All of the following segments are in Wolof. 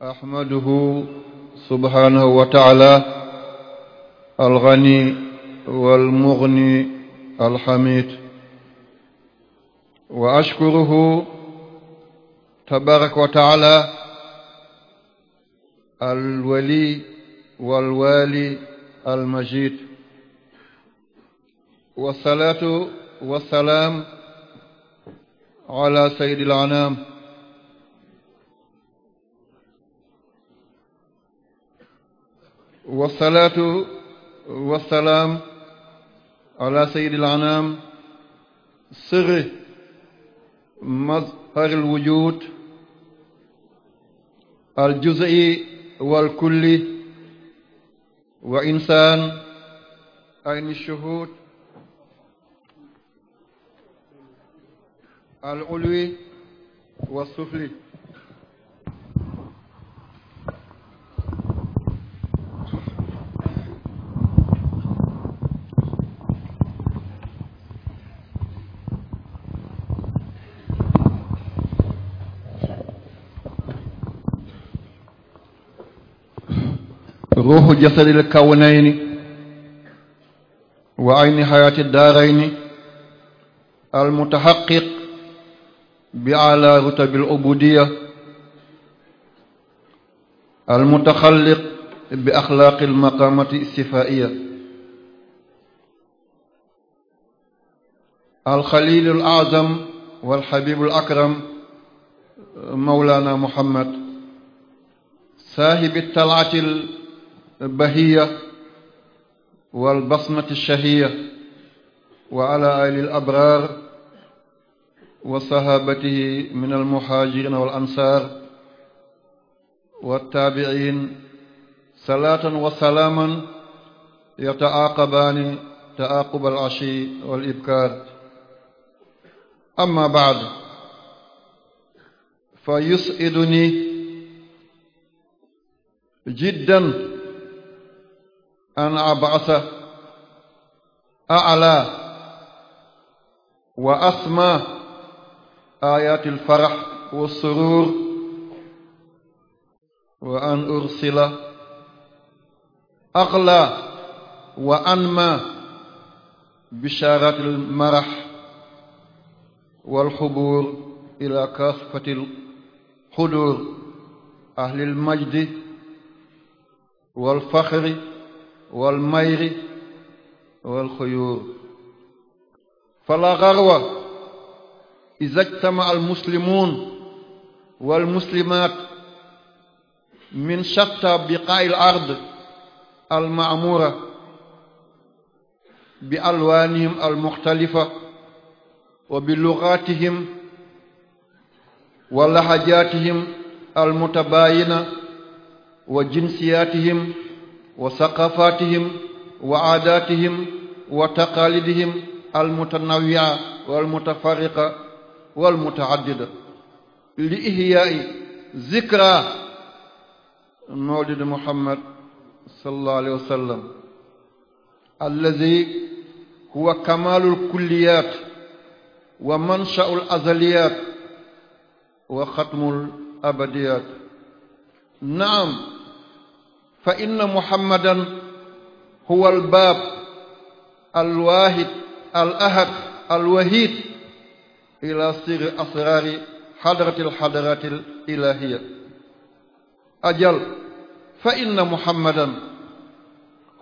ahmaduhu subhaanahu wa taala alghani walmughni alhamid wa ashkuruhu tabaraka wa taala alwali walwali almajid wasalaatu wasalaam ala sayyidil anaam wasalaatu wasalaam ala sayyidil anaam sirri mazharil wujud al juz'i wal kulli wa insaan ayni shuhud al ulwi wa sufli ruuxu jasadil kawnayni wa ayni xayaati daarayni almutaxaqiq bi ala rutabil ubudiya almutaxalliq bi axlaaqil maqaamati sifaiya alxalilul azam walxabibul akram mawlaana muhammad saahibi talaatil bahiya wal basmati shahiya wa ala ali al abraar wa sahabatihi min al muhajirin wal ansaar wa taabiciin salaatan wa salaaman yataaqabaani taaqub al ashi wal ibkaar amma baad fa yusiduni jiddan an abasa a'la wa asma ayati alfarah wa surur wa an ursila aghla wa anma bisharat almarah walxubur ila kaafati lxudur ahli almajdi walfaxri wal mayri wal xuyuur fala xarwa izajtama al muslimuun wal muslimaat min shatta biqaa'il ard al ma'muura bi alwaanihim al muxtalifa wa bi lugaatihim wa lahajaatihim al mutabaayina wa jinsiyaatihim wa saqafatihim wa aadatihim wa taqalidihim almutanawia walmutafariqa walmutaaddida li ihyaa'i zikra mawlidi muhammad sallallahu alayhi wa sallam allazi huwa kamaalul kulliyat wa mansha'ul azaliyat wa xatmul abadiyat naam fa inna muhammadan huwa albaab alwaahid al ahad alwahid ila sirri asraari xadratil xadratil ilahiya ajal fa inna muhammadan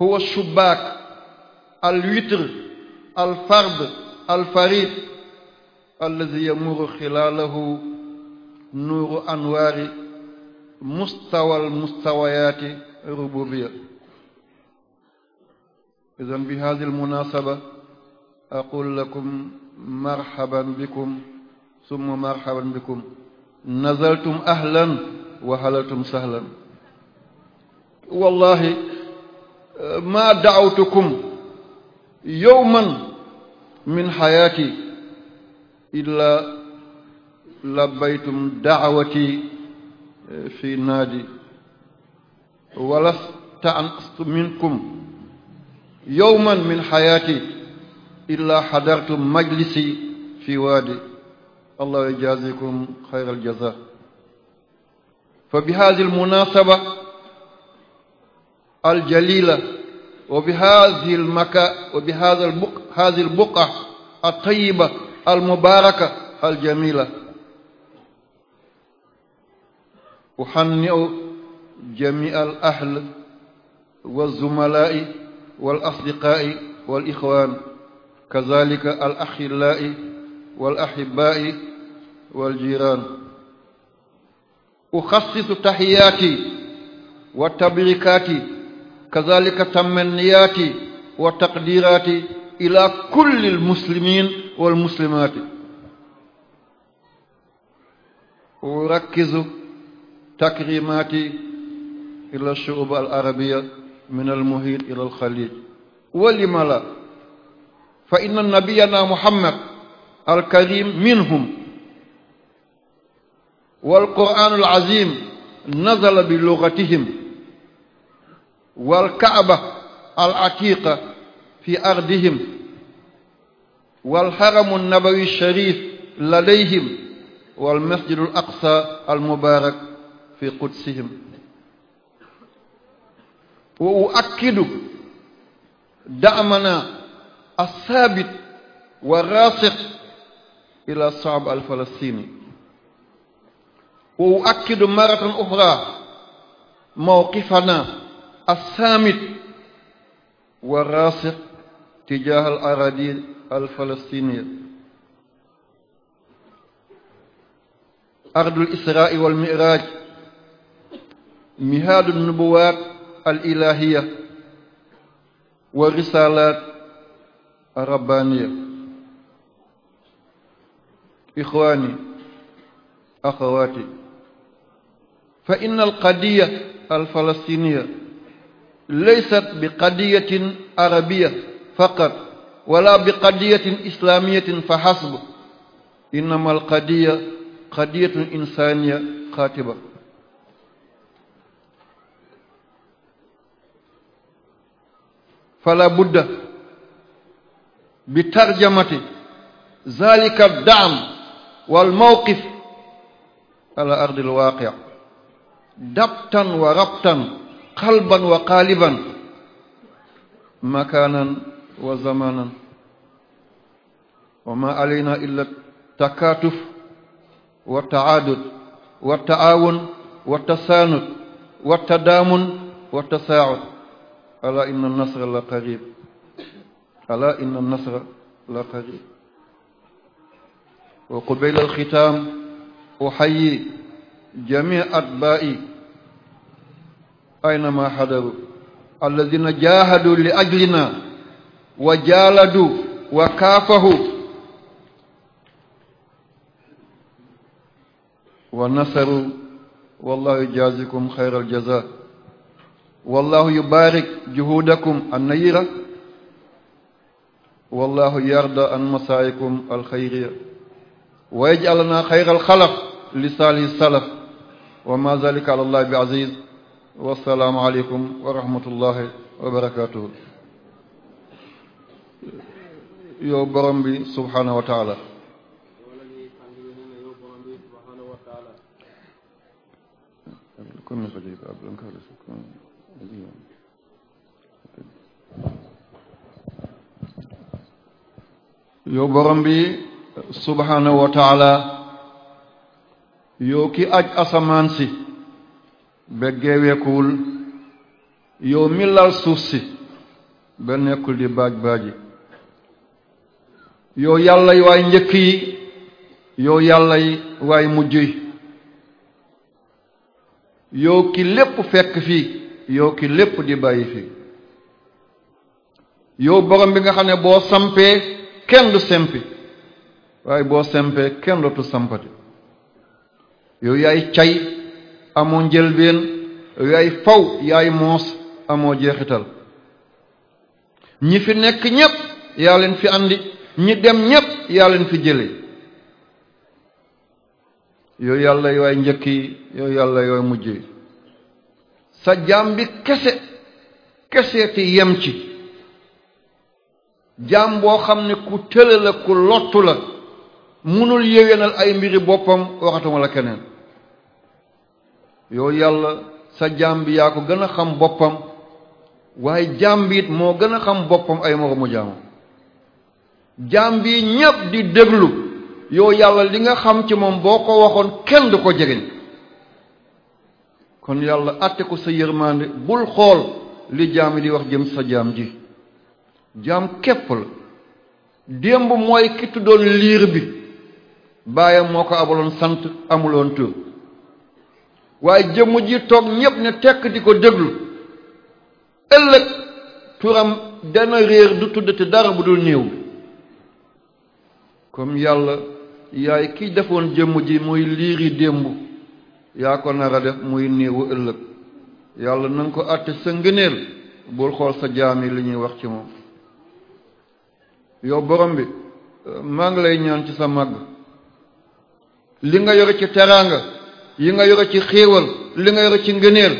huwa shubbaak alwitr alfard alfarid alladi yamuru xilaalahu nuuru anwaari mustawal mustawayaati rububiya idan bi hadi almunasaba aqul lakum marhaban bikum summa marhaban bikum nazaltum ahlan wa halaltum sahlan wallahi ma da'awtukum yawman min hayati illa labbaytum da'awati eh, fi naadi walasta anastu minkum yowman min xayaati illa xadartu majlisi fi waadi allah yjazikum xayra aljaza fa bi hadi almunasaba aljalila wa bi hadi almaka wa bi hada albuq hadi albuqa altayiba almubaraka aljamila uhanniu jamii al ahl wa zumalaai wal asdiqaai wal ixwaan kazalika al axillaai wal axibaai wal jiraan uxassisu taxiyaati wa tabrikaati kazalika tamanniyaati wa taqdiraati ila kulli al muslimiin wal muslimaati urakkizu takrimaati ila shu'ub al arabia min al muhit ila al xalij walima la fa inna nabiyana muhammad al karim minhum wal qur'aan al azim nazala bi lugatihim wal kaaba al atiqa fi ardihim wal haramu nabawi sharif ladayhim wal masjidul aqsa al mubaarak fi qudsihim wa uakkidu damana alsaabit wa raasiq ila saab alfalastini wa uakkidu maratan oxra mawqifana alsaamit wa raasiq tijah al aradil alfalastiniya ardul israa wal miraaj mihaadu nubuwaat al ilahiya wa risalaat rabbaniya ixwaani axawaati fa in al qadiya al falastiniya laysat bi qadiyatin arabiya faqat wala bi qadiyatin islamiyatin fa xasb innama al qadiya qadiyatun insaniya xaatiba fala budda bi tarjamati zalika daam wal mawqif ala ardi al waaqi dabtan wa rabtan qalban wa qaaliban makaanan wa zamanan wa ma alayna illa takaatuf wa tacaadud wa tacaawun wa tasaanud wa tadaamun wa tasaacud ala inna nasra la qarib ala inna nasra la qarib wa qubayla alxitaam uxayi jamii atbaa'i aynama xadaru alladina jaahadu li ajlina wa jaaladu wa kaafahu wa nasaru wallahu jaazikum xayra aljaza wallahu yubarik juhudakum annayira wallahu yarda an masaayikum alxayriya wa yaj'alna xayral xalaq li saalihi salaf wa ma zalika ala allah bi aziz wa salaamu aleykum wa rahmatullahi wa barakatuhu yow borom bi subhaanahu wa taala kon yow borom bi subhanahu wa taala yow ki aj asamaan si ba geeweekuwul yow mi suuf si ba nekkul di baaj baaji yow yàlla waay njëkk yi yow yàlla waay mujj yi yow ki lépp fekk fii yow ki lépp di bàyyi fi yow borom bi nga xam ne boo sampee kenn du sempi waaye boo sempee kenn dootu sampati yow yaay cay amoo njëlbeen yaay faw yaay moos amoo jeexital ñi fi nekk ñépp yaa leen fi andi ñi dem ñépp yaa leen fi jële yow yàlla yooy njëkk yi yàlla yooy mujj yi sa jaam kese kese te yem ci jaam boo xam ne ku tële ku lottu la munul yéwénal ay mbiri boppam waxatuma la keneen yow yàlla sa jaam yaa ko gën a xam boppam waaye jaam moo gën a xam boppam ay moroomu jaamam jaam bi ñépp di déglu yow yàlla li nga xam ci moom boo ko waxoon kenn du ko jëriñ kon yàlla àtte ko sa yërmaande bul xool li jaam yi di wax jëm sa jaam ji jaam képp la démb mooy ki tuddoon liir bi baayam moo ko abaloon sant amuloon tur waaye jëmm ji toog ñépp ne tekk di ko déglu ëllëg turam dana réer du tuddati dara bu dul néew bi comme yàlla yaay ki defoon jëmm ji mooy liiri démb yaa ko nara def muy niiwu ëllëg yàlla na ko àtte sa ngëneel bul xool sa jaam yi li ñuy wax ci moom yow borom bi maa ngi lay ñaan ci sa mag li nga yore ci teraanga yi nga yore ci xéewal li nga yore ci ngëneel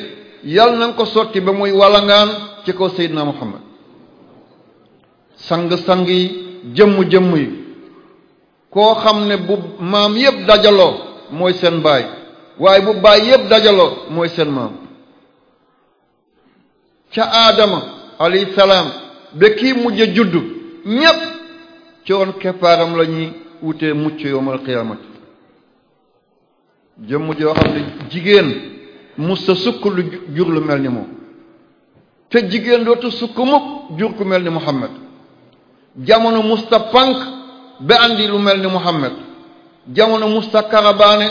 yàlla na ko sotti ba muy walangaan ci kaw Seydina Muhammad sang-sang yi jëmm yi koo xam ne bu maam yépp dajaloo mooy seen baay waaye bu baay yépp dajaloo mooy seen maam ca aadama alayhi salaam ba kii mujj a judd ñépp ci keppaaram la ñuy wutee mucc yowmal qiyaamati jëmm joo xam ne jigéen mus sukk lu jur lu mel ni moom te jigéen dootu sukk mukk jur ku mel ni Muhammad jamono musta pank ba andi lu mel ni Muhammad jamono musta karabaane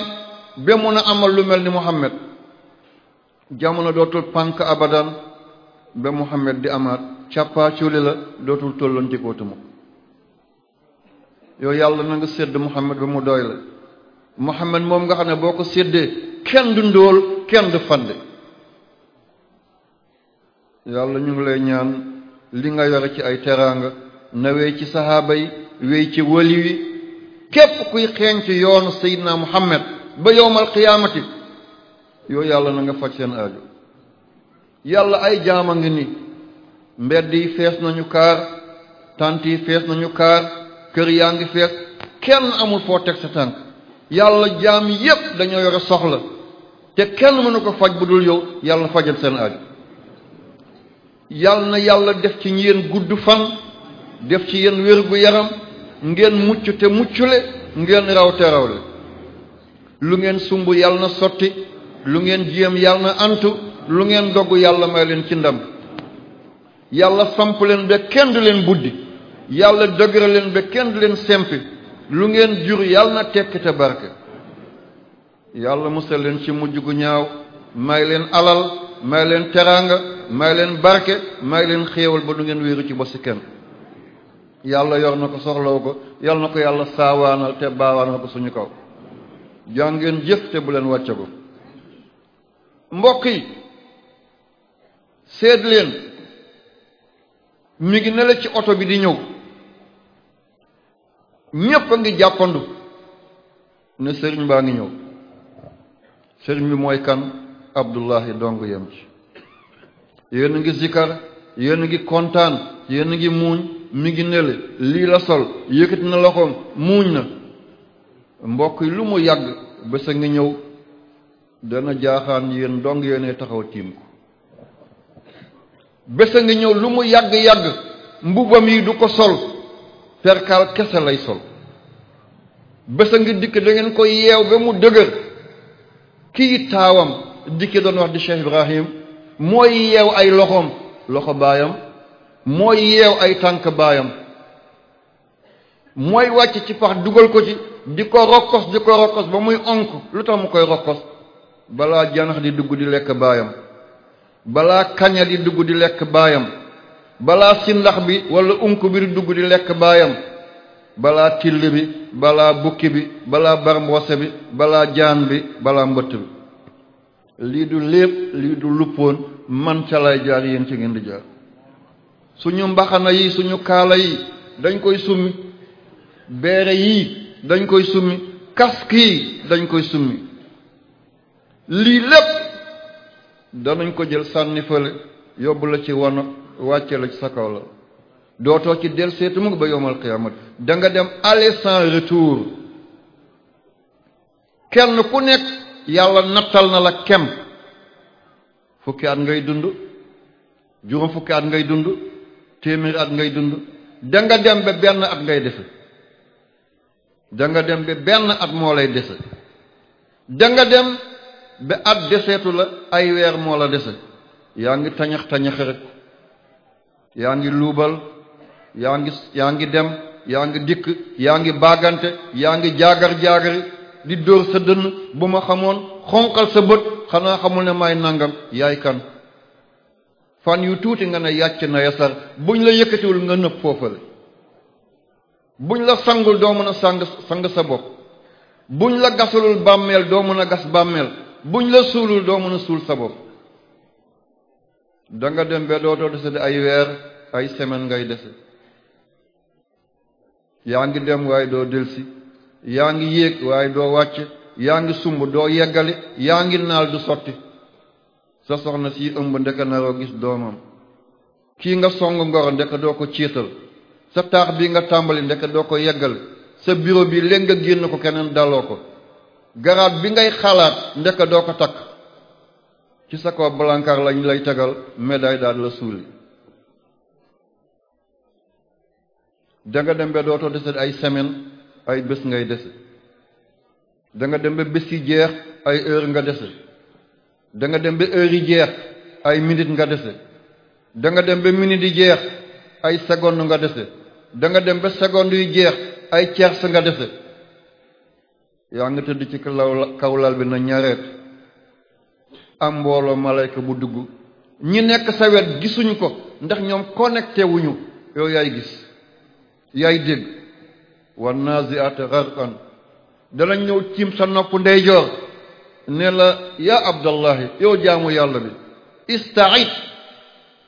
ba mun a amal lu mel ni Muhammad jamono dootul pànk abadan ba Muhammad di amaat càppaacuuli la dootul tollantikootumu yow yàlla na nga sédd Muhammad ba mu doy la Muhammad moom nga xam ne boo ko séddee kenn du ndóol kenn du fande yàlla ñu ngi lay ñaan li nga yore ci ay teraanga na wey ci sahaaba yi wey ci wali képp kuy xeeñ ci yoonu Seydina Muhammad ba yowmal qiyaamati yow yàlla na nga faj seen aajo yàlla ay jaama ngi ni mbedd yi fees nañu kaar tant yi fees nañu kaar kër yaa ngi fees kenn amul foo teg sa tànk yàlla jaam yépp dañoo yore soxla te kenn mënu ko faj bu dul yow yàlla fajal seen aajo yàlla na yàlla def ci yéen gudd fan def ci yéen wér gu yaram ngeen mucc te muccule ngeen raw te rawle lu ngeen sumb yàlla na sotti lu ngeen jéem yàlla na antu lu ngeen dogg yàlla may leen ci ndam yàlla samp leen ba kenn du leen buddi yàlla dëgëra leen ba kenn du leen sempi lu ngeen jur yàlla na tekki barke yàlla musal leen ci mujj gu ñaaw may leen alal may leen teraanga may leen barke may leen xéewal ba lu ngeen wéeru ci bosi kenn na yor na ko soxlaw ko yal na ko yàlla saawaana te baawaanal ko suñu kaw jaa ngeen jëf te leen wàccagu mbokk yi seet mi ngi nele ci oto bi di ñëw ñépp a ngi jàppandu ne sëriñ baa ngi ñëw sëriñ bi mooy kan abdullahi dong yem ci yéen a ngi zikar yéen ngi kontaan yéen a ngi muuñ mi ngi nele lii la sol yëkkati na loxoom muuñ na mbokk yi lu mu yàgg bés a ngi ñëw dana jaaxaan yéen dong yéene taxaw tiim ko bés a ngi ñëw lu mu yàgg-yàgg mbubam yi du ko sol perkaal kese lay sol bés a ngi dikk dangeen ngeen ko yeew ba mu dëgër kii taawam dikki doon wax di Cheikh Ibrahim mooy yeew ay loxoom loxo baayam mooy yeew ay tànk baayam mooy wàcc ci pax dugal ko ci di ko rokkos di ko rokkos ba muy onk lu tax mu koy rokkos balaa janax di dugg di lekk baayam balaa kaña di dugg di lekk baayam balaa sindax bi wala unk bi di dugg di lekk baayam balaa till bi balaa bukki bi balaa bar barmboose bi balaa jaan bi balaa mbëtt bi lii du lépp lii du luppoon man ca lay jaar yéen ci ngeen di jaar suñu mbaxana yi suñu kaala yi dañ koy summi beere yii dañ koy summi casque kii dañ koy summi lii lépp danañ ko jël sànnifale fële yóbbu la ci wan wàcce la ci sa kaw la dootoo ci del seetu mu ba yowmal qiyamat da dem aller sans retour kenn ku nekk yàlla nattal na la kem fukki at ngay dund juróom fukki at ngay dund téeméeri at ngay dund da nga dem ba benn at ngay defe danga dem ba benn at moo lay dese danga dem ba at deseetu la ay weer moo la dese yaa ngi tañax tañax rek yaa ngi luubal yaa ngi yaa ngi dem yaa ngi dikk yaa ngi baagante yaa ngi jaagar jaagari di dóor sa dënn bu ma xamoon xonqal sa bët xanaa xamul ne may nangam yaay kan fan yu tuuti nga ne yàcc na yasar buñ la yëkkatiwul nga nëb foofale buñ la sangul doo mën a sang sang sa bopp buñ la gasalul bàmmeel doo mën a gas bàmmeel buñ la suulul doo mën a suul sa bopp danga dem ba dootoo dese de ay weer ay semaine ngay dese yaa ngi dem waaye doo delsi yaa ngi yéeg waaye doo wàcc yaa ngi sumb doo yeggali yaa ngi naal du sotti sa soxna si ëmb ndeka naroo gis doomam kii nga song ngoro ndeka doo ko ciital sa taax bi nga tàmbali ndeke doo ko yeggal sa bureau bi léeg génn ko keneen daloo ko garaat bi ngay xalaat ndeke doo ko takk ci sa kaw balankar lañ lay tegal médaille daal la suuli danga dem ba dootoo dese ay semaine ay bés ngay dese danga dem ba bés yi jeex ay heure nga dese danga dem ba yi jeex ay minute nga dese danga dem ba minute yi jeex ay seconde nga dese da dem ba seconde yu jeex ay cer sa nga dese yaa nga tëdd ci kawlal bi na ñareet a mbooloo malayka bu dugg ñi nekk sa wet gisuñ ko ndax ñoom connecté wuñu yow yaay gis yaay dégg wan nazi'at gharqan danañ ñëw tiim sa nopp ndeyjoor ne la yaa abdallahi yow jaamu yàlla bi ista'id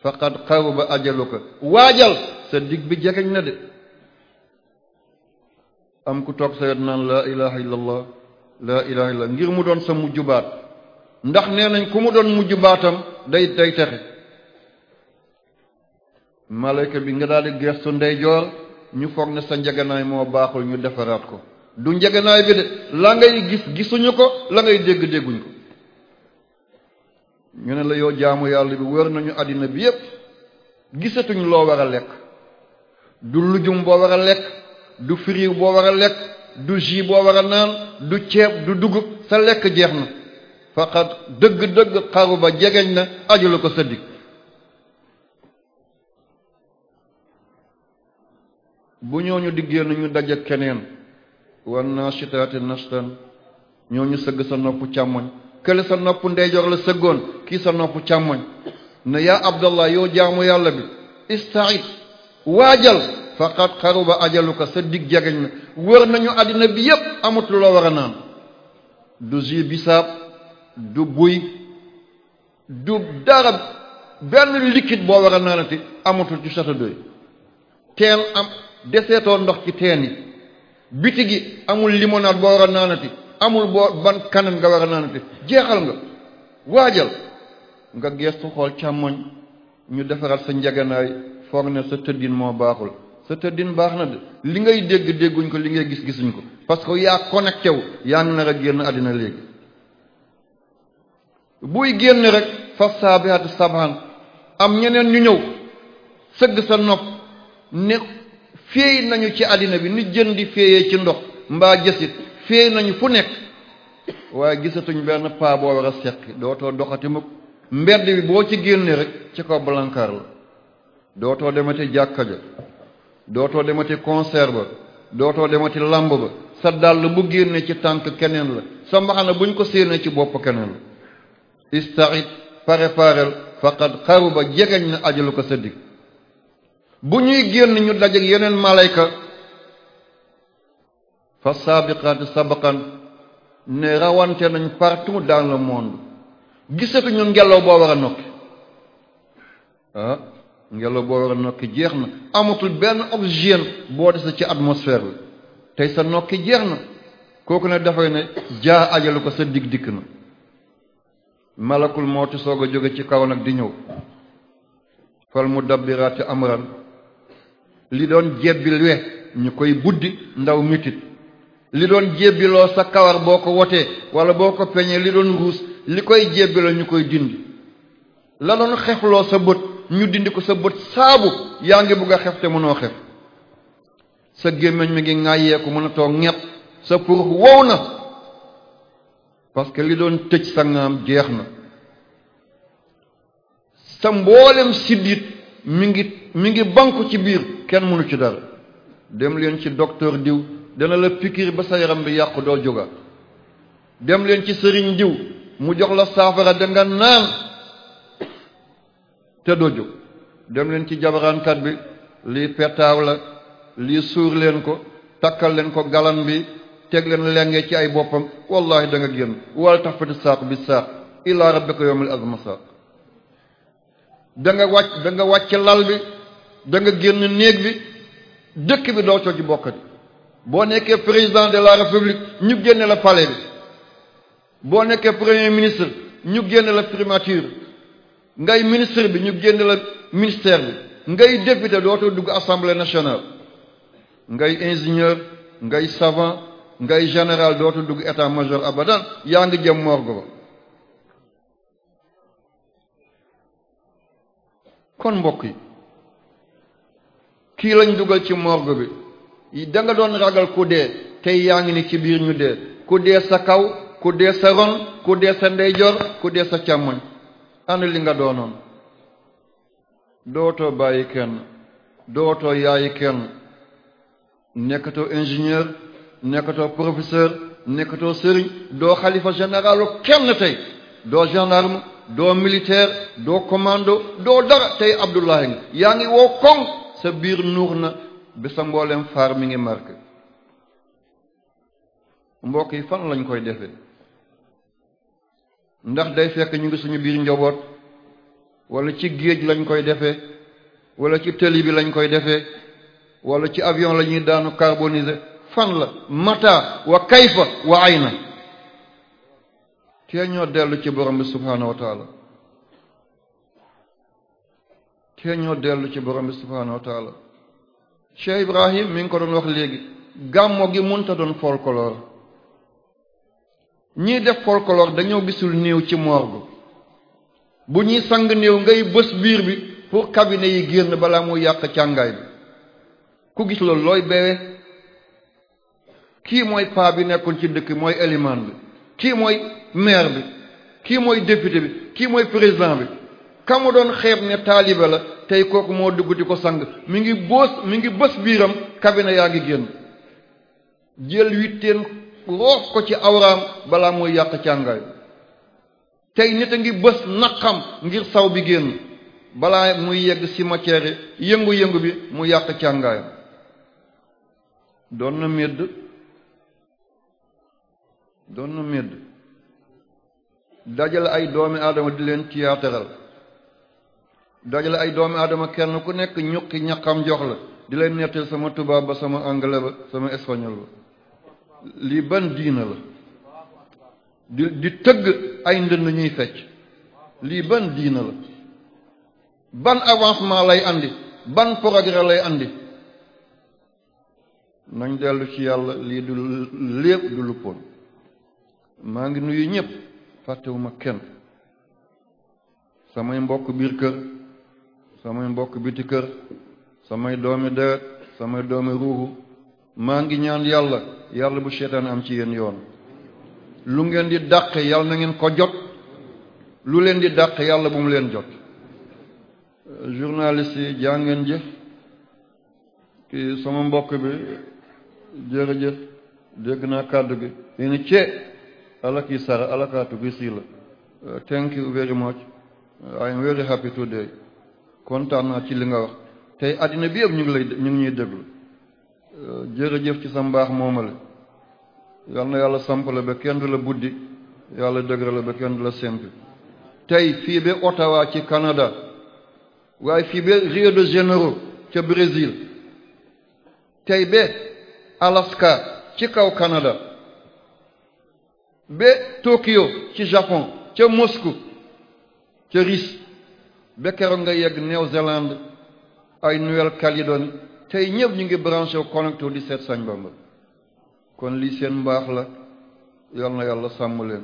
faqad qariba ajaluka waajal sa dig bi jegeñ na de am ku toog sa wet naan laa ilaha illallah laa ilaha illallah ngir mu doon sa mujj baat ndax nee nañ ku mu doon mujj baatam day day texe malayka bi nga daal di geestu ndeyjoor ñu foog ne sa njeganaay moo baaxul ñu defaraat ko du njeganaay bi de la ngay gis gisuñu ko la ngay dégg dégguñ ko ñu ne la yow jaamu yàlla bi wër nañu àddina bi yépp gisatuñ loo war a lekk du lujum boo war a lekk du firiir boo war a lekk du jus boo war a naan du ceeb du dugub sa lekk jeex na faqat dëgg-dëgg xaru ba jegeñ na aju la ko sëddik bu ñooñu diggee ñu daje keneen wan na sitaati nastan ñooñu sëgg sa nopp càmmoñ kële sa nopp ndeyjoor la sëggoon kii sa nopp càmmoñ ne yaa abdallah yow jaamu yàlla bi ista'id waajal faqad ajalu ajaluka sa dig jegeñ na wër nañu àddina bi yépp amut lu la war a naan du jus bisaab du buy du dara benn liquide boo war a amatul ci château d'eau teen am deseetoo ndox ci teen yi biti gi amul limonade boo war amul boo ban kanan nga war a naanati jeexal nga waajal nga geestu xool càmmoñ ñu defaraat sa njeganaay foog ne sa tëddin moo baaxul sa tëddin baax na de li ngay dégg dégguñ ko li ngay gis gisuñ ko parce que yaa connecté wu yaa ngi nar a génn àddina léegi buy génn rek fa saabihaatu sabhan am ñeneen ñu ñëw sëgg sa nopp ne féey nañu ci àddina bi ni jën di féeyee ci ndox mbaa jësit féey nañu fu nekk waaye gisatuñ benn paa boo war a seqi dootoo doxati mukk mbedd boo ci génnee rek ci kaw balankaar la dootoo demati jàkka ja dootoo demati concert dootoo demati lamb ba sa dàll bu génne ci tànk keneen la sa mbaxana buñ ko séenee ci bopp keneen la istaxit préparel faqad xaruba jegeñ na ajalu ko sa dig bu ñuy génn ñu dajeg yeneen malayka fa saabiqaati sabaqan ne rawante nañ partout dans le monde gise ko ñun ngelaw boo war a nokki ah? ngelaw boo war a nokki jeex na amatul benn oxygène boo des ci atmosphère bi tey sa nokki jeex na kooku ne dafay ne jaa ajalu ko sa dig dikk na malakul mawti soog a jóge ci kaw nag di ñëw fal mu dabbiraati amran li doon jebbil we ñu koy buddi ndaw mitit li doon jébbiloo sa kawar boo ko wotee wala boo ko peñee li doon ruus li koy jébbiloo ñu koy dindi la doon xefloo sa bët ñu dindi ko sa bët saabu yaa ngi bugg a xef te mënoo xef sa gémmiñ mi ngi ŋàyyeeku mën a toog ñepp sa purux wow na parce que li doon tëj sa ngaam jeex na sa mboolem siddit mi ngi mi ngi banku ci biir kenn mënu ci dara dem leen ci docteur diw dana la pikiir ba sa yaram bi yàqu doo jóga dem leen ci sëriñ diw mu jox la saafara da nga naan te doo jóg dem leen ci jabaraankat bi lii petaaw la lii suur leen ko takkal leen ko galan bi teg leen lenge ci ay boppam wallahi da nga génn wala tafati saaq bi saaq ila rabbika yawmil azma saaq da nga wàcc da wàcc lal bi da génn néeg bi dëkk bi doo coo ci bokkati boo nekkee président de la république ñu génne la palais bi boo nekkee premier ministre ñu génne la primature ngay ministre bi ñu génn la ministère bi ngay député dootoo dugg assemblée nationale ngay ingénieur ngay savant ngay général dootu dugg état major abadan yaa ngi jëm morgue kon mbokk yi kii lañ dugal ci morgue bi da nga doon ragal ku dee tey yaa ngi ni ci biir ñu dee ku dee sa kaw ku dee sa ron ku dee sa ndeyjoor ku dee sa càmmoñ ana li nga doonoon dootoo bàyyi kenn dootoo yaayi kenn nekkatoo ingénieur nekkatoo professeur nekkatoo sëriñ doo xalifa généralu kenn tey doo gendarme doo militaire doo commando doo dara tey Abdullahi yaa ngi woo koŋ sa biir nuur na bi sa mbooleem faar mi ngi marqué yi fan lañ koy defee ndax day fekk ñu ngi suñu biir njaboot walla ci géej lañ koy defee walla ci tëli bi lañ koy defee wala ci avion la ñuy daanu carbonisé fan la mata wa kayfa wa ayna tee ñoo dellu ci borom bi subhaanahu wa taala tee ñoo dellu ci borom bi subhaanahu wa taala Ibrahim mi ngi ko doon wax léegi gàmmoo gi mënta doon folklore ñii def folklore dañoo gisul néew ci morgue bu ñuy sang néew ngay bës biir bi pour cabinet yi génn balaa muy yàq càngaay bi ku gis loolu looy bewe kii mooy paa bi nekkoon ci dëkk mooy élimaan bi kii mooy maire bi kii mooy député bi kii mooy président bi mu doon xeet ne taalibe la tey kooku moo dugg di ko sang mi ngi boos mi ngi bës biiram cabinet yaa ngi génn jël witteen roof ko ci awraam balaa mooy yàq càngaay tey nit a ngi bës naqam ngir saw bi génn balaa muy yegg cimetière yëngu-yëngu bi mu yàq càngaayam doon na medd doon na medd dajale ay doomi aadama di leen tiyaateral dajale ay doomi aadama kenn ku nekk ñuqi ñaqam jox la di leen nettal sama tubaab ba sama anglais ba sama espagnol ba lii ban diina la di di tëgg ay ndënd ñuy fecc lii ban diina la ban avancement lay àndi ban progrès lay àndi nañ dellu ci yàlla lii du lépp du luppoon maa ngi nuyu ñëpp fàttewuma kenn samay mbokk biir kër samay mbokk biti kër samay doomi deret samay doomi ruuxu maa ngi ñaan yàlla yàlla bu seetaan am ci yéen yoon lu ngeen di dàq yàlla na ngeen ko jot lu leen di dàq yàlla bu mu leen jot journaliste yi jàngeen jëf kii sama mbokk bi jërëjëf dégg naa kàddu gi ini cee alaki sara alakaatu gi sii la uh, thank you very much I am very happy today kontaan naa ci li nga wax tey àddina bi yëpp ñu ngi lay ñu ngi ñuy déglu jërëjëf ci sa mbaax moomale yal yàlla samp la ba kenn du la buddi yàlla dëgër la ba kenn du la sempi tey fii ba Ottawa ci Canada waaye fii ba Rio de Janeiro ca Brésil tey ba Alaska ci kaw Canada ba Tokyo ci Japon ca Moscou ca Russie ba keroog nga yegg Nouvelle-Zélande ay Nouvelle-Calédonie tey ñëpp ñu ngi branché wu connecté di seet sañ bamba kon lii seen mbaax la yal na yàlla sàmm leen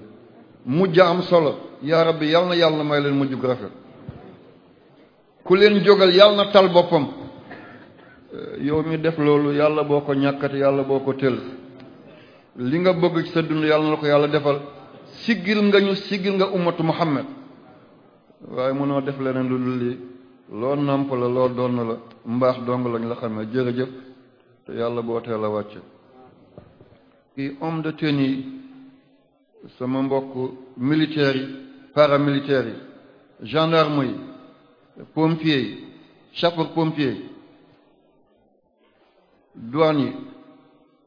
mujj am solo yaa rabbi yal na yàlla may leen mujj gu rafet ku leen jógal yal na tal boppam eh, yow mi def loolu yàlla boo ko ñàkkati yàlla boo ko tël li nga bëgg ci sa dund yàlla na ko yàlla defal siggil nga ñu siggil nga ummatu muhammad waaye mënoo def leneen lu dul lii loo namp la loo donn la mbaax dong lañ la xamee jërëjëf te yàlla boo teel a wàcc i homme de tenue yi sama mbokk militaires yi paramilitaires yi gendarme yi pompiers yi sapeur pompier yi douane yi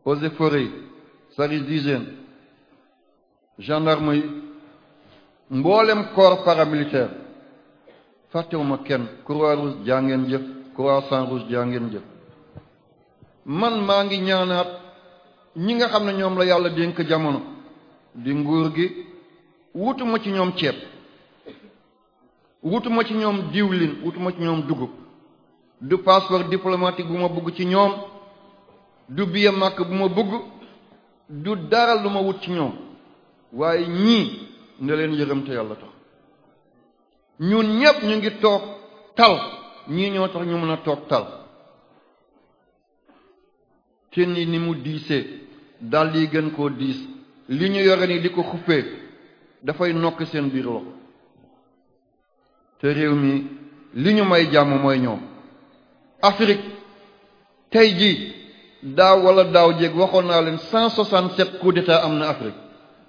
eaux et forêts yi service d'hygiène mboolem corps paramilitaire fàttewuma kenn croix rouge jaa ngeen jëf croissant rouge jaa ngeen jëf man maa ngi ñaanaat ñi nga xam ne ñoom la yàlla dénk jamono di nguur gi wutuma ci ñoom ceeb wutuma ci ñoom diwlin wutuma ci ñoom dugub du passeport diplomatique bu ma bëgg ci ñoom du billet màkk bu ma bëgg du dara lu ma wut ci ñoom waaye ñii ne leen yërëm te yàlla tax ñun ñépp ñu ngi toog tal ñii ñoo tax ñu mën a toog tal kenn ni mu diisee dal yi gën koo diis li ñu yore ni di ko xuppee dafay nokk seen biir loxo te réew mi li ñu may jàmm mooy ñoom Afrique tey jii daaw wala daaw jeeg waxoon naa leen cent soixante-sept coup d'état am na Afrique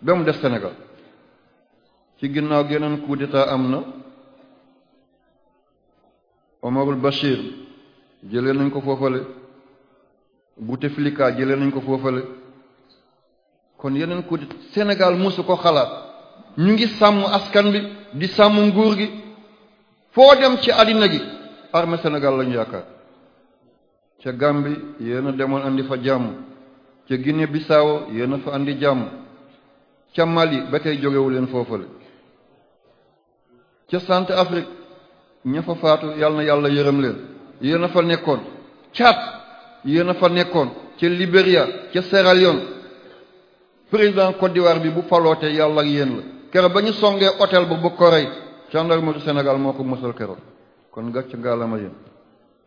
ba mu def senegal ci ginnaaw geneen coup d'état am na Omarul Bachir jëlee nañ ko foofale Bouteflika jëlee nañ ko foofale kon yeneen ko Sénégal mosu ko xalaat ñu ngi sàmm askan bi di sàmm nguur gi foo dem ci àddina gi armée Sénégal lañu yaakaar ca Gambie yéen a demoon andi fa jàmm ca Guinée Bissau yéen fa andi jàmm ca Mali ba tey jógewu leen foofale ca Centrafrique ña fa faatu yàlla na yàlla yërëm leen yéen a fa nekkoon Tchad yéen fa nekkoon ca Libéria ca Sierra Leone président Côte bi bu faloote yàlla ak yéen la keroog ba ñu songee hôtel ba ba ko rey gendarmerie Sénégal moo ko mosal keroog kon gàcc ngaalama yéen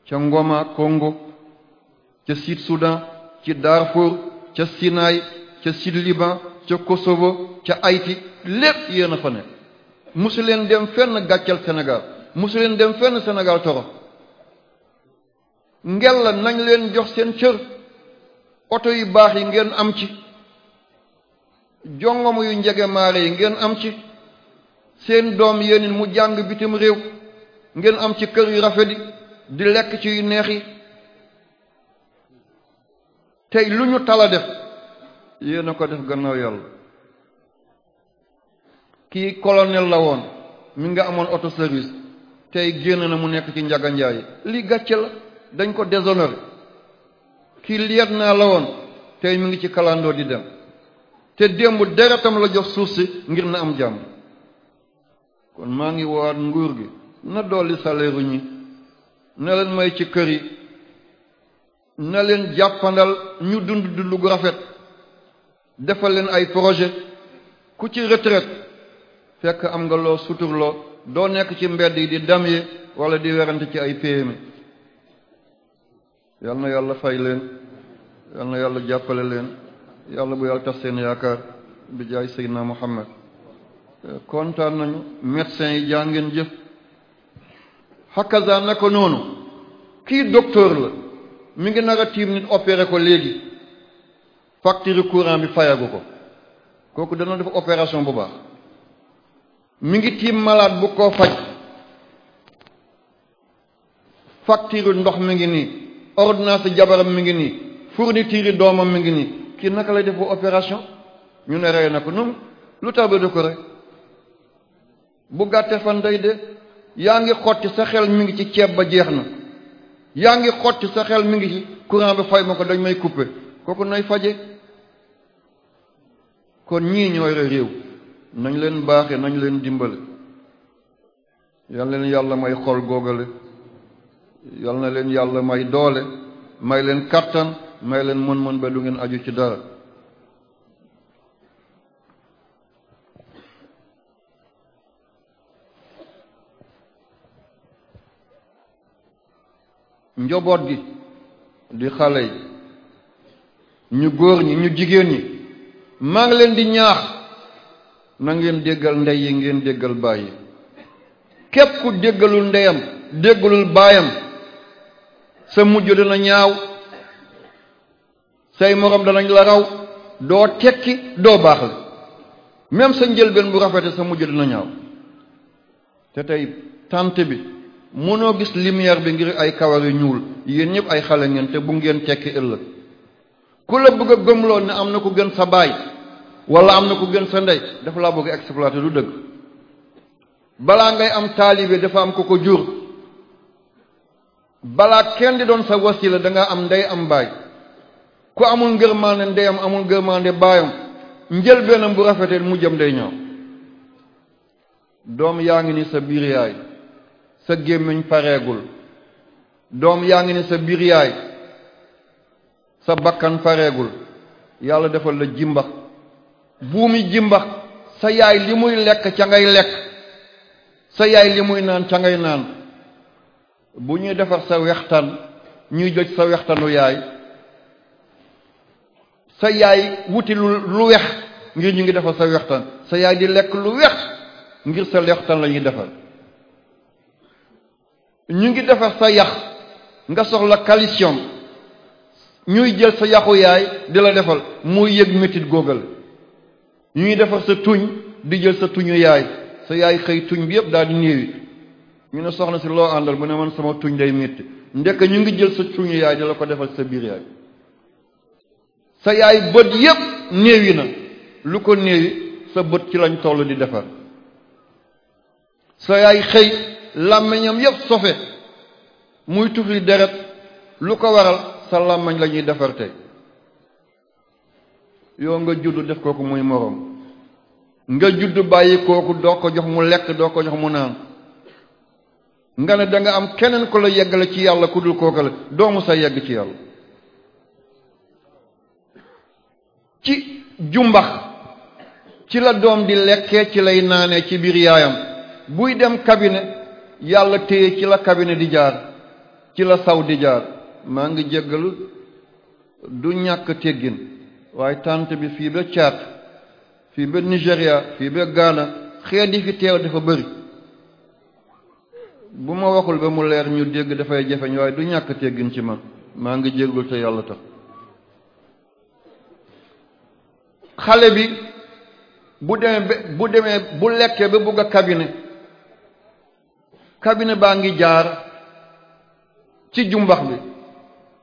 ca Ngoma Congo ca Sud Soudan ci Darfour ca Sinaï ca Sud Liban ca Kosovo ca Haïti lépp yéen a fa nekk mosu leen dem fenn gàccal Sénégal mosu dem fenn Sénégal toro ngel la nañ leen jox seen cër oto yu baax yi ngeen am ci jongom yu njege maare yi ngeen am ci seen doom yéen mu jàng bitim réew ngeen am ci kër yu rafet yi di lekk ci neex yi tey lu ñu tala def yéen a ko def gannaaw yàlla kii colonel la woon mi nga amoon auto service tey génn na mu nekk ci njaga njaay lii gàcce la dañ ko déshonoré kii liet naa la woon tey mu ngi ci kalandoo di dem te démb deretam la jox suuf si ngir na am jàmm kon maa ngi woowaat nguur gi na dolli salaire ñi na leen may ci kër yi na leen jàppandal ñu dund dund gu rafet defal leen ay projet ku ci retraite fekk am nga loo suturloo doo nekk ci mbedd yi di dam yi wala di werante ci ay péemi yal na yàlla fay leen yal na yàlla jàppale leen yàlla bu yàlla tax seen yaakaar bi jaay seydina muhammad kontaan nañu médecin yi jàngeen jëf hakaza naka noonu kii docteur la mi ngi nar a tiim nit opéré ko léegi facture courant bi fayagu ko kooku dana def opération bu baax mi ngi tiim malaat bu ko faj facture ndox mi ngi nii ordonnance jabaram mi ngi nii fourniture doomam mi ngi nii kii naka lay def opération ñu ne rey na ko noonu lu tax ba du ko rek bu gàtte fan day de yaa ngi xotti sa xel mi ngi ci ceeb ba jeex na yaa ngi xotti sa xel mi ngi ci courant bi fay ma ko dañ may couper kooku nay faje kon ñii ñooy réew nañ leen baaxe nañ leen dimbale yal na leen yàlla may xol googale yal na leen yàlla may doole may leen kàttan may leen mën-mën ba du ngeen aju ci dara njoboot gi di xale yi ñu góor ñi ñu jigéen ñi maa ngi leen di ñaax na ngeen déggal ndey yi ngeen déggal baay képp ku déggalul ndeyam déggalul baayam sa mujj dana ñaaw say morom danañ la raw doo tekki doo baax la même sa njëlbeen bu rafete sa mujj dana ñaaw te tey tante bi mënoo gis lumière bi ngir ay kawar yu ñuul yéen ñëpp ay xale ngeen te bu ngeen tekki ëllëg ku la bëgg a gëmloo ne am na ku gën sa baay wala am na ku gën sa ndey dafa laa bëgg exploiter du dëgg balaa ngay am taalibe dafa am ko ko jur balaa kenn di doon sa wasila da nga am ndey am baay ku amul ngërmaande ndeyam amul ngërmaande baayam njël bennam bu rafetee mu jëm day ñëw doom yaa ngi ni sa biir sa gémmiñ pareegul doom yaa ngi ni sa biir yaay sa bakkan pareegul yàlla defal la jimba buumi jimbax sa yaay li muy lekk ca ngay lekk sa yaay li muy naan ca ngay naan bu ñuy defar sa wextan ñuy joj sa wextanu yaay sa yaay wuti lu lu wex ngir ñu ngi defar sa wextan sa yaay di lekk lu wex ngir sa la ñuy defar ñu ngi defar sa yax nga soxla calcium ñuy jël sa yaxu yaay di la defal muy yëg metit googal ñuy defar sa tuñ di jël sa tuñu yaay sa yaay xëy tuñ bi yëpp daal di néewi ñu ne soxna si loo àndal mu ne man sama tuñ day métti ndekk ñu ngi jël sa tuñu yaay di la ko defal sa biir yaay sa yaay bët yëpp néewi na lu ko néewi sa bët ci lañ toll di defar sa yaay xëy làmmiñam yëpp sofe muy tufli deret lu ko waral sa làmmiñ lañuy ñuy defar tey yow nga judd def kooku muy moroom nga judd bàyyi kooku doo ko jox mu lekk doo ko jox mu naan nga ne danga am keneen ko la yegg la ci yàlla ku dul kooku la doo sa yegg ci yàlla ci jumbax ci la doom di lekkee ci lay naanee ci biir yaayam buy dem kabine yàlla téye ci la kabine di jaar ci la saw di jaar maa ngi jéggalu du ñàkk teggin waaye tant bi fii ba Tchad fii ba Nigéria fii ba Ghana xeet yi fi teew dafa bari bu ma waxul ba mu leer ñu dégg dafay jafeñ waaye du ñàkk teggin ci man maa ngi jéggul te yàlla tax xale bi bu demee bu demee bu lekkee ba bugg a cabinet baa ngi jaar ci jumbax bi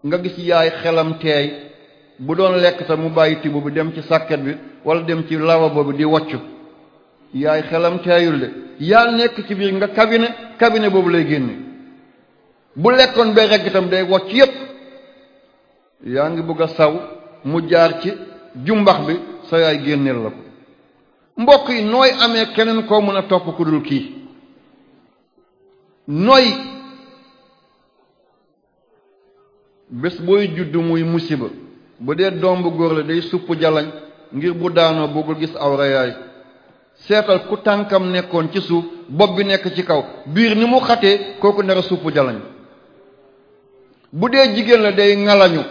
nga gis yaay xelam teey bu doon lekk tam mu bàyyi tibb bi dem ci sàkket bi wala dem ci lavabo boobu di wocc yaay xelam caayul de yaa nekk ci biir nga cabine cabine boobu lay génne bu lekkoon ba rekk itam day wocc yépp yaa ngi bëgg a saw mu jaar ci jumbax bi sa yaay génneel la ko mbokk yi nooy amee keneen koo mën a topp ku dul kii nooy bés booy judd muy musiba bu dee doom bu góor la day supp jalañ ngir bu daanoo bëggul gis awra yaay seetal ku tànkam nekkoon ci suuf bopp bi nekk ci kaw biir ni mu xatee kooku nar a supp jalañ bu dee jigéen la day ngalañu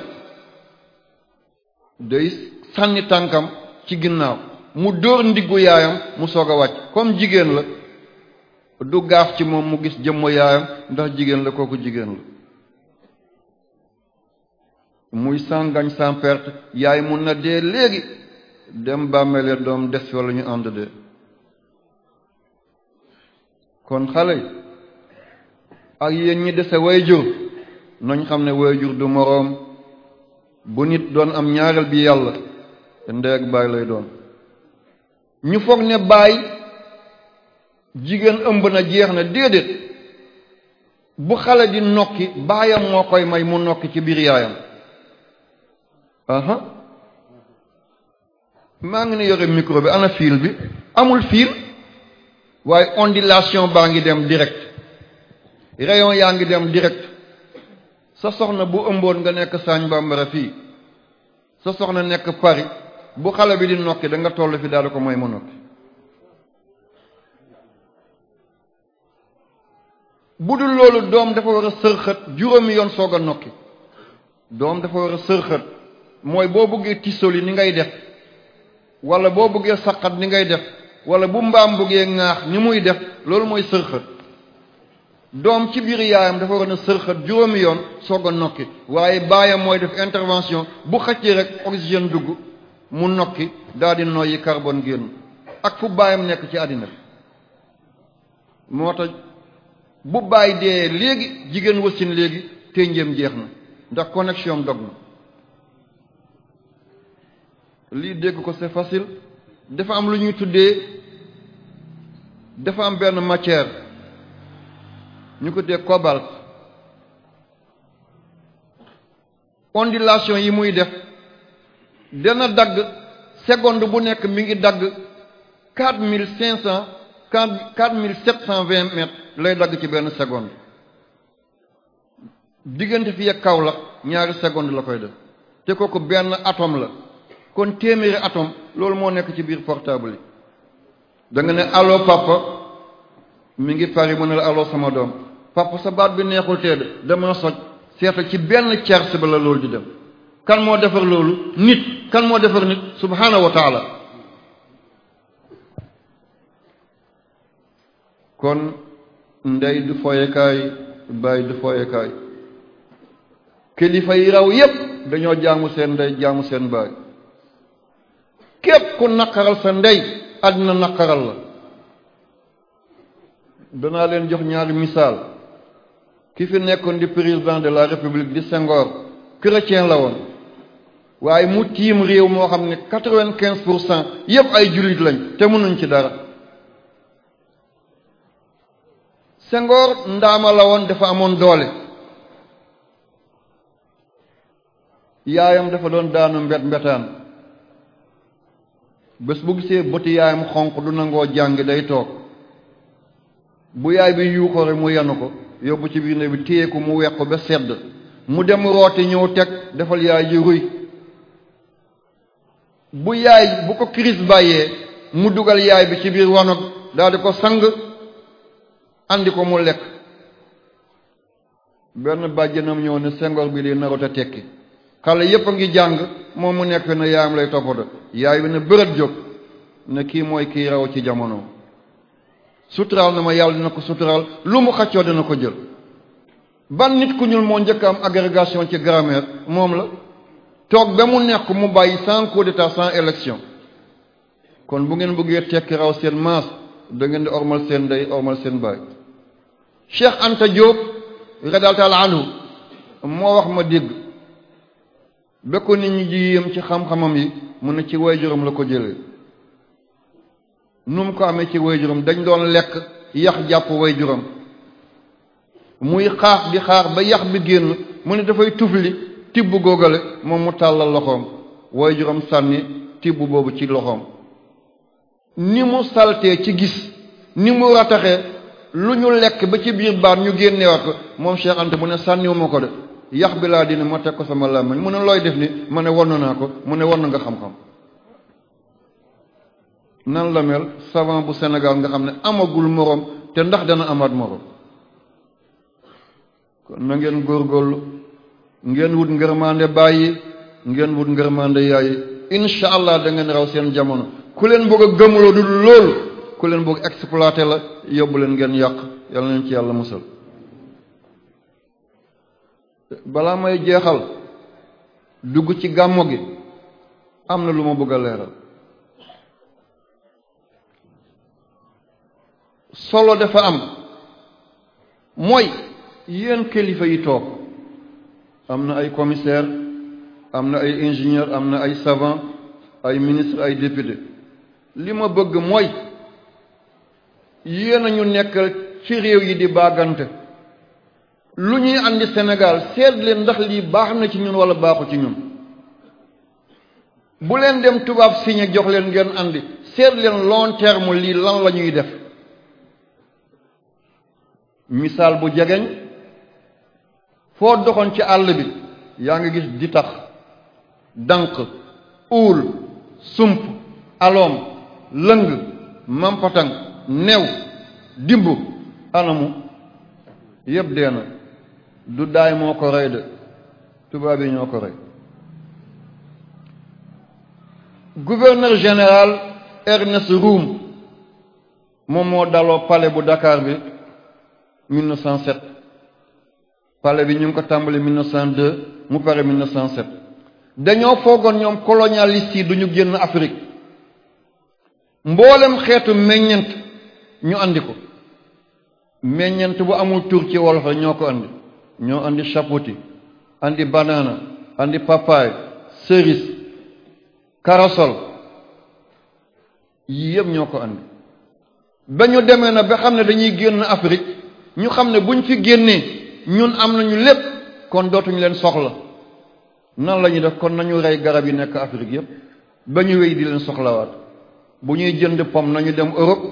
day sànni tànkam ci ginnaaw mu dóor ndiggu yaayam mu soog a wàcc comme jigéen la du gaaf ci moom mu gis jëmm yaayam ndax jigéen la kooku jigéen la muy sans gagne yaay mun na dee léegi dem bàmmeele doom des fi wala ñu ànd de kon xale ak yéen ñi dese wayjur nañ xam ne wayjur du moroom bu nit doon am ñaareel bi yàlla ndey ak baay lay doon ñu foog ne baay jigéen ëmb na jeex na déedéet bu xale di nokki baayam moo koy may mu nokki ci biir yaayam aha maa ngi ne yore micro bi ana bi amul fil waaye ondulation baa ngi dem direct rayon yaa ngi dem direct sa soxna bu ëmboon nga nekk Sagne Bambara fii sa soxna nekk Paris bu xale bi di nokki da nga toll fi daal ko mooy ma nokki bu dul loolu doom dafa war a sërxët juróomi yoon soog a nokki doom dafa war a sërxët mooy boo bëggee tisoli ni ngay def wala boo buggee saqat ni ngay def wala bu mbaam bëggee ŋaax ni muy def loolu mooy sërxët doom ci biir yaayam dafa waroon a sërxët juróomi yoon soog a nokki waaye baayam mooy def intervention bu xëccee rek oxygène dugg mu nokki daldi di noyyi carbone génn ak fu baayam nekk ci àddina bi moo tax bu baay dee léegi jigéen wasin léegi te njëm jeex na ndax connexion dog na lii dégg ko c'est facile dafa am lu ñuy tuddee dafa am benn matière ñu ko tuddee kobal ondulation yi muy def dana dagg seconde bu nekk mi ngi dagg quatre mille cinq cent quatre mille sept cent vingt mètres lay dagg ci benn seconde diggante fi ak kaw la ñaari seconde la koy def te kooku benn atom la kon téeméeri atom loolu moo nekk ci biir portable yi da nga ne allo papa ngi pari mu ne la allo sama doom papa sa baat bi neexul tee de dama soj seeta ci benn charge ba la loolu di dem kan moo defar loolu nit kan moo defar nit subhaanahu wa taala kon ndey du foyekaay baay du foyekaay kilifa yi raw yépp dañoo jaamu seen ndey jaamu seen baay ku naqaral sa ndey àddina naqaral la danaa leen jox ñaari misaal kii fi nekkoon di président de la république di Senghor chrétien la woon waaye mu tiim réew moo xam ne quatre-vingt-quinze pour cent yëpp ay jullit lañ te mënuñ ci dara Senghor ndaama la woon dafa amoon doole yaayam dafa doon daanu mbet mbetaan bés bu gisee bëti yaayam xonq du nangoo jàng day toog bu yaay bi yuuxoo mu yanu ko yóbbu ci biir ne bi téye ko mu weq ba sedd mu dem rooti ñëw teg defal yaay ji ruy bu yaay bu ko kiris bàyyee mu dugal yaay bi ci biir wanag daal ko sang andi ko mu lekk benn bàjjenam ñëw ne sengoor bi li narota tekki xale yépp a ngi jàng moom mu nekk na yaayam lay toppatoo yaay bi na bërët jóg na kii mooy kii raw ci jamono suturaal na ma yàlla dina ko suturaal lu mu xaccoo dina ko jël ban nit ku ñuul moo njëkk am agrégation ci grammaire moom la toog ba mu nekk mu bàyyi sans coup d'état sans élection kon bu ngeen bëggee tekki raw seen maas da ngeen di ormal seen ndey ormal seen baay Cheikh Anta Diop radiyallahu anhu moo wax ma dégg ba ko nit ñi ji yëm ci xam-xamam yi mu ne ci juróom la ko jëlee nu mu ko amee ci juróom dañ doon lekk yax jàpp juróom muy xaar di xaar ba yax bi génn mu ne dafay tufli tibb googale moom mu tàllal loxoom waajuram sànni tibb boobu ci loxoom ni mu saltee ci gis ni mu rataxee lu ñu lekk ba ci biir baat ñu génneewaat ko moom Cheikh mu ne sànniwu ma ko de yax bi laa dina ma teg ko sama làmmiñ mu ne looy def ni ma ne won naa ko mu ne won nga xam-xam nan la mel savant bu Sénégal nga xam ne amagul moroom te ndax dana amaat moroom kon na ngeen góorgóorlu ngeen wut ngërmande bàyyi ngeen wut ngërmande yaayi incha allah da ngeen raw seen jamono ku leen bëgg a gëmloo du loolu ku leen bëgg exploité la yóbbu leen ngeen yàq yàlla nañ ci yàlla musal balaa may jeexal dugg ci gàmmo gi am na lu ma bëgg leeral solo dafa am mooy yéen kilifa yi toog am na ay commissaire am na ay ingénieur am na ay savant ay ministre ay député li ma bëgg mooy yéen a ñu nekkal ci réew yi di bàggante lu ñuy andi Sénégal seet leen ndax lii baax na ci ñun wala baaxu ci ñun bu leen dem tubaab signé jox leen ngeen andi seet leen long terme lii lan la ñuy def misaal bu jegeñ foo doxoon ci àll bi yaa ngi gis di tax danq uul sump aloom lëng mampatang new dimb anamu yëpp dee na du daay moo ko rey de tubaab yi ñoo ko rey gouverneur général Ernest Roume moom moo daloo pale bu Dakar bi 1907 palais bi ñu ko tàmbali 1902 mu pare 1907 dañoo foogoon ñoom colonialiste yi duñu ñu génn Afrique mboolem xeetu meññent ñu andi ko meññent bu amul tur ci wolof ñoo ko andi. ñoo andi chapooti andi banaana andi papaye cerise karasol yii yëpp ñoo ko andi ba ñu demee na ba xam ne dañuy génn Afrique ñu xam ne buñ fi génnee ñun am nañu lépp kon dootuñu leen soxla nan la def kon nañu rey garab yi nekk Afrique yëpp ba ñu wéy di leen soxlawaat bu ñuy jënd pom nañu dem Europe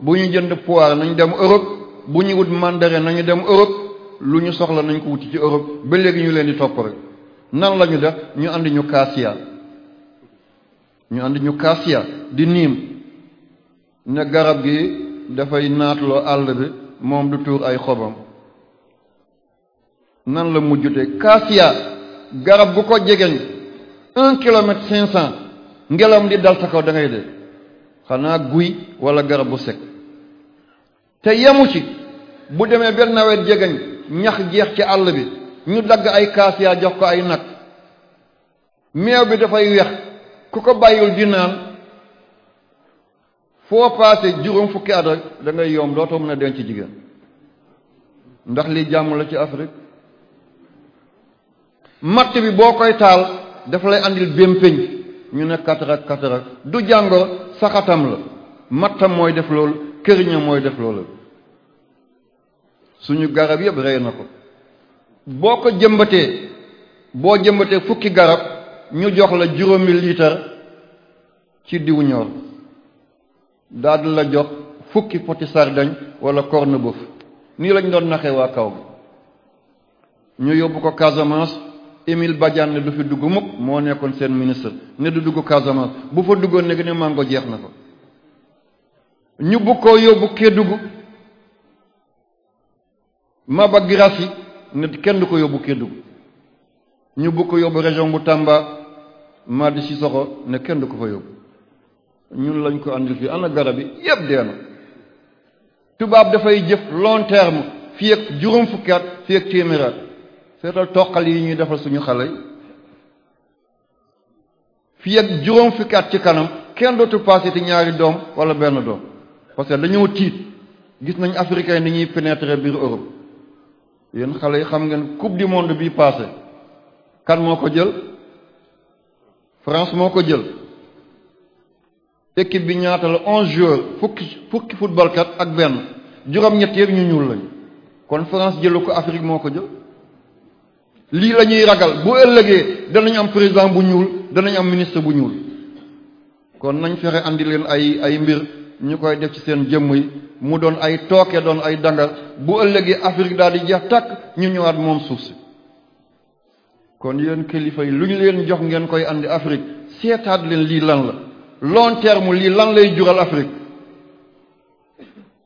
bu ñuy jënd poire nañu dem Europe bu ñuy wut mandarin nañu dem Europe lu ñu soxla nañu ko wuti ci Europe ba léegi ñu leen di topp rek nan lañu ñu def ñu andi ñu kaasiya ñu andi ñu kaasiya di niim ne garab gi dafay naatloo àll bi moom du tuur ay xobam nan la mujjutee kaasiya garab gu ko jegeñ un kilomètre cinq cent ngelam di dal sa kaw da xanaa guy wala garab bu sec te yemu ci bu demee benn nawet jegeñ ñax jeex ci àll bi ñu dagg ay kaas yaa jox ko ay nag meew bi dafay wex ku ko bàyyul di naan foo paase juróom fukki at rek da ngay yomb dootoo na a denc jigéen ndax lii jàmm la ci Afrique matt bi boo koy taal dafa lay andil bémpeñ ñu ne katarak katarak du jàngo saxatam la mattam mooy def loolu këriñam mooy def loolu suñu garab yëpp rey na ko boo ko jëmbatee boo jëmbatee fukki garab ñu jox la juróomi liitar ci diw ñor daal la jox fukki poti sardañ wala corned-beef nii lañ doon naxee waa kaw bi ñu yóbbu ko Casamance Émile Badiane ne du fi dugg mukk moo nekkoon seen ministre ne du dugg Casamance bu fa duggoon ne ne mango jeex na ko ñu bu ko yóbbu Kédougou Maba Girassi nit kenn du ko yóbbu Kédougou ñu bëgg ko yóbbu région bu Tamba Madi Sissoko ne kenn du ko fa yóbbu ñun lañ ko andil fii ana garab yi yëpp dee na tubaab dafay jëf long terme fii ak juróom fukki at fii ak téeméer seetal toqal yi ñuy defal suñu xale yi fii ak juróom fukki at ci kanam kenn dootu passé ci ñaari doom wala benn doom parce que dañoo tiit gis nañu africain ni ñuy pénétrer biir Europe yéen xale yi xam ngeen coupe du monde bi passé kan moo ko jël France moo ko jël équipe bi ñaata la onze joueurs fukki fukki footballkat ak benn juróom-ñett yëpp ñu ñuul lañ kon France jëlu ko Afrique moo ko jël lii la ñuy ragal bu ëllëgee danañ am président bu ñuul danañ am ministre bu ñuul kon nañ fexe andi leen ay ay mbir ñu koy def ci seen jëmm yi mu doon ay tooke doon ay danga bu ëllëgee Afrique daal di jeex takk ñu ñëwaat moom suuf si kon yéen kilifa yi lu ñu leen jox ngeen koy andi Afrique seetaat leen lii lan la long terme lii lan lay jural Afrique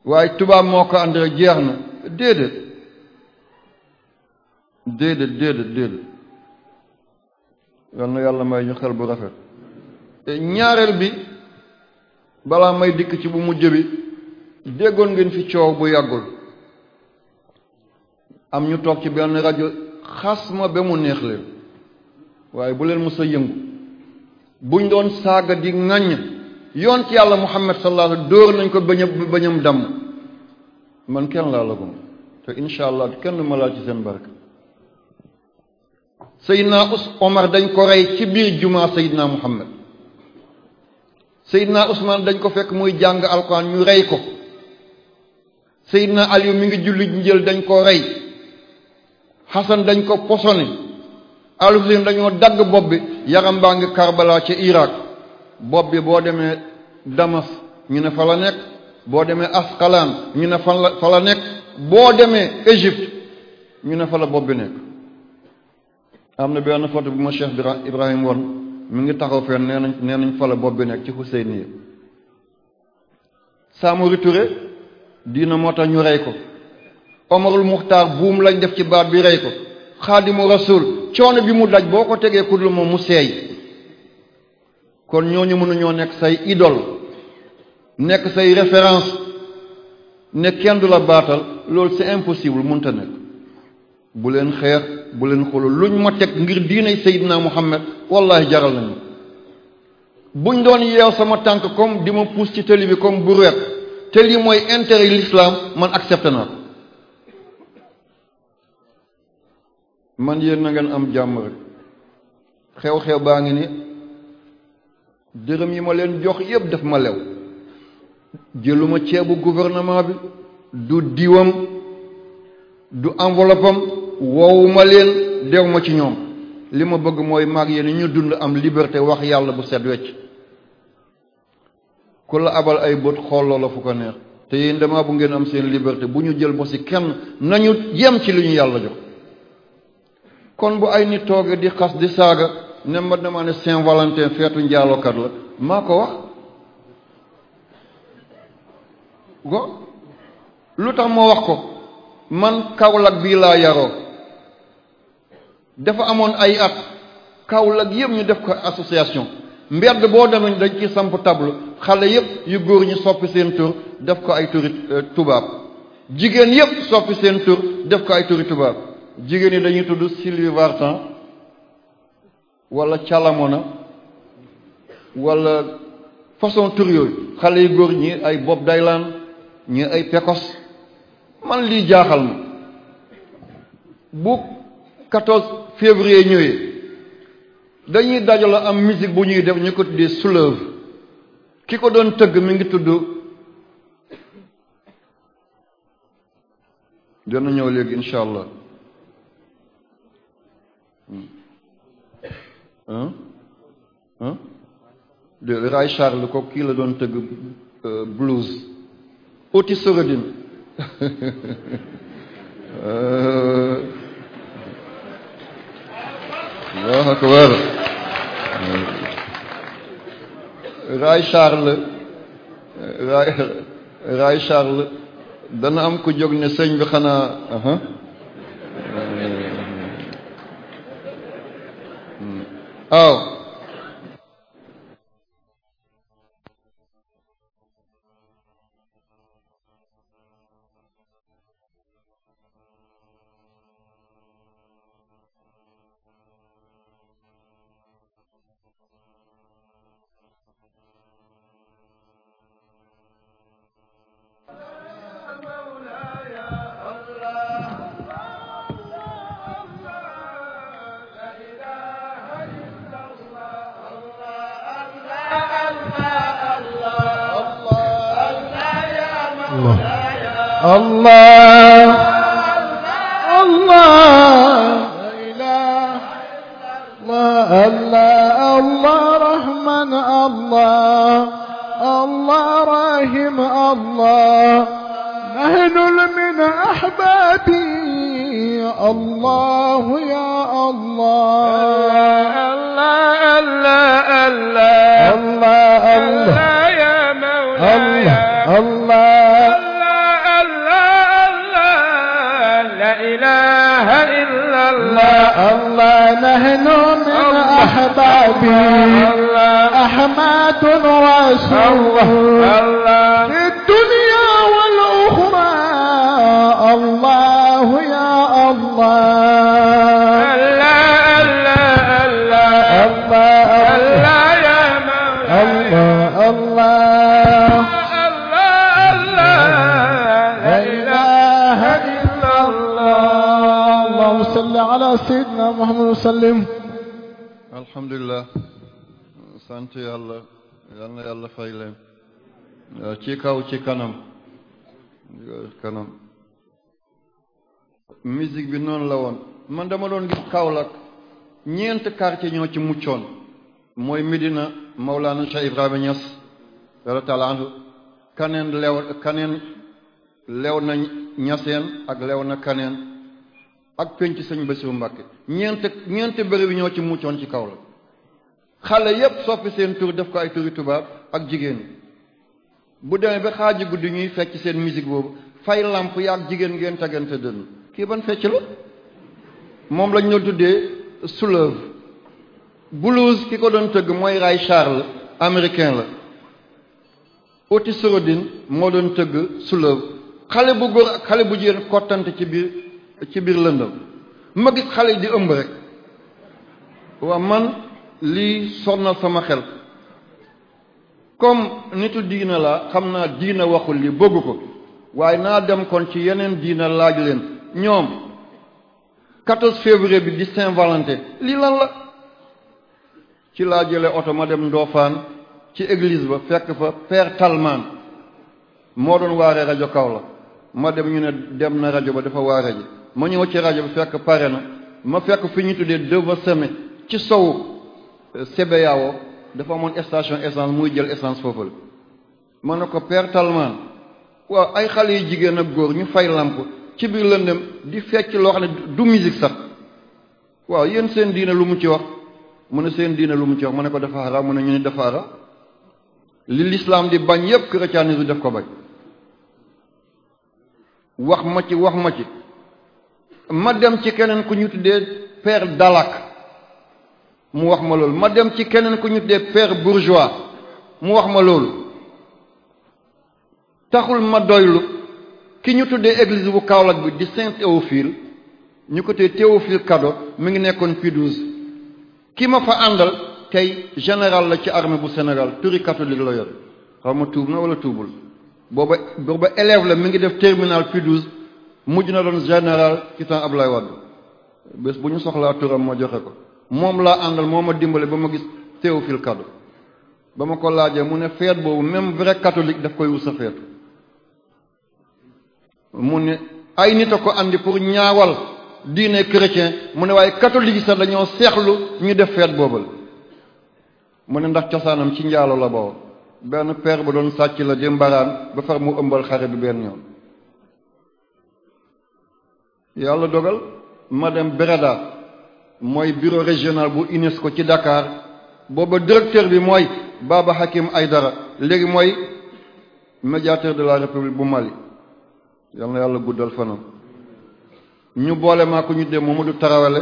waaye tubaab moo ko andi jeex na déedéet déedéet déedéet déedéet yàlla may ñu xel bu rafet ñaareel bi balaa may dikk ci bu mujj bi déggoon ngeen fi coow bu yàggul am ñu toog ci benn rajo xas ma ba mu neex leen waaye bu leen mës a yëngu buñ doon saaga di ŋaññ yoon ci yàlla muhammad sallallahu dóor nañ ko bañ a bañam damm man kenn laa la gum te incha allah kenn ma laal ci seen barke Seydina Omar dañ ko rey ci biir jumaa Seydina muhammad Seydina Ousmane dañ ko fekk muy jàng alquran ñu rey ko na Aliou mi ngi julli ñu jël dañ ko rey Hassan dañ ko posone Al-Hussein dagg bopp bi yaram baa ngi Karbala ca Irak bopp bi boo demee Damas ñu ne fala nekk boo demee Asqalaan ñu ne fan la nekk boo demee Égypte ñu ne fa la bopp nekk am na benn photo bu ma Cheikh Ibrahim woon mi ngi taxaw fenn nee nañ nee nañ fa la bi nekk ci Hussein yi Samori Touré diina moo tax ñu rey ko Omarul Muxtaar buum lañ def ci baat bi rey ko xaadimu rasul coono bi mu daj boo ko tegee kudlu moom mu seey kon ñooñu mënuñoo nekk say idole nekk say référence ne kenn du la baatal loolu c'est impossible mënta nekk bu leen xeex bu leen xuloo luñ ma teg ngir diinay Seydina Muhammad wallahi jaral nañu buñ doon yeew sama tànk comme di ma pousse ci tëli bi comme bu reet te lii mooy intérêt l'islam man accepté naa ko man yéen na ngeen am jàmm rek xew-xew baa ngi ni dërëm yi ma leen jox yépp def ma lew jëluma ceebu gouvernement bi du diwam du enveloppe am wowuma leen dew ma ci ñoom li ma bëgg mooy mag yéen ñu dund am liberté wax yàlla bu set wecc ku la abal ay bët xooloo la fu te yéen damaa bu ngeen am seen liberté bu ñu jël ba si kenn nañu yem ci li ñu yàlla jox kon bu ay nit toogee di xas di saaga ne ma dama ne Saint Valentin feetu njaalokat la maa ko wax go lu tax ma wax ko man Kaolack bii laa yaroo dafa amoon ay at Kaolack yëpp ñu def ko association mbedd boo demee dañ ci samp table xale yëpp yu góor ñi soppi seen tur def ko ay turi euh, tubaab jigéen yëpp soppi seen tur def ko ay turi tubaab jigéen yi dañuy tudd Sylvie Vartan walla Calamona wala façon tur xale yu góor ñi ay Bob Dylan ñi ay Pecos man lii jaaxal ma bu 14. février ñëwee dañuy dajale am musique bu ñuy def ñu ko tuddee soulève ki ko doon tëgg mi ngi tudd dana ñëw léegi incha allah ah de Ray Charles ko kii la doon tëgg euh, blues Otis Redding euh, Allahu akbar Ray Charles Ray Ray Charles dana am ku jóg ne sëñ bi xanaa aha aw الله الله لا إله الله الله الله رحمن الله الله راهم الله مهنل من أحبابي الله يا الله الله الله الله الله الله يا مولاي الله الله الله نحن من أحبابي أحمد رسول الله وسلم الحمد لله sant yàlla yal na ci kaw ci kanam kanam musique bi noonu la man dama doon gis Kaolack ñeent quartier ñoo ci muccoon mooy Medina Maulana Cheikh Ibrahima Niass yàlla taala anhu kaneen lew kaneen lew na ñaseen ak lew na kaneen ak penc sëñ Bassirou Mbacké ñeent ñeent bëri bi ñoo ci muccoon ci kaw la xale yépp soppi seen tur def ko ay turi tubaab ak jigéen bu demee ba xaaji guddi ñuy fecc seen musique boobu fay làmp yaag jigéen ngeen tegante dënn kii ban fecc la moom lañ doon tuddee souleve blouse ki ko doon tëgg mooy Ray la américain la Otis Redding moo doon tëgg souleve xale bu góor xale bu jigéen kottante ci biir ci biir lëndëm ma gis xale yi di ëmb rek waa man lii sonnal sama xel kom nitu diina laa xam naa diina waxul li bëgg ko waaye naa dem kon ci yeneen diina laaj leen ñoom 14 février bi di Saint-Valentin lii lan la ci laa jële oto ma dem ndoofaan ci église ba fekk fa père Talman moo doon waare rajo kaw la ma dem ñu ne dem na rajo ba dafa waare ji ma ñëw ci rajo bi fekk pare na ma fekk fi ñu tuddee Deva Seme ci sowu Sebeyawo euh, dafa amoon station essence muy jël essence foofule mën na ko père Talman waaw ay xale yu jigéen ak góor ñu fay lamp ci biir lëndëm di fecc loo xam ne du musique sax waaw yéen seen diina lu mu ci wax mu ne seen diina lu mu ci wax ma ne ko dafa haram mën na ñu ne dafa haram li l'islam di bañ yépp christianisme def ko bañ wax ma ci wax ma ci ma dem ci keneen ku ñu tuddee père Dalak mu wax ma loolu ma dem ci keneen ku ñu tuddee père bourgeois mu wax ma loolu taxul ma doylu ki ñu tuddee église bu Kaolack bi di Saint Théophile ñu ko tey Théophile Kado mi ngi nekkoon P12 ki ma fa àndal tey général la ci armée bu Sénégal turi catholique la yor xaw ma tuub na wala tuubul booba booba élève la mi ngi def terminal P12 mujj na doon général ci temps Abdoulaye Wade bés bu ñu soxlaa turam ma joxe ko moom laa àndal moo ma dimbale ba ma gis Théophile Kado ba ma ko laajee mu ne feet boobu même vrai catholique daf koy wusa feetu mu ne ay nit a ko àndi pour ñaawal diine chrétien mu ne waaye catholique sax dañoo seexlu ñu def feet boobal mu ne ndax cosaanam ci njaalo la boobu benn père bu doon sàcc la jëmbaraan ba far mu ëmbal xare bi benn yoon yàlla dogal ma dem Berada mooy bureau régional bu UNESCO ci Dakar booba directeur bi mooy Baba ay dara léegi mooy médiateur de la République bu Mali yal na yàlla guddal fanam ñu boole maa ko ñu dem Mamadou Tarawale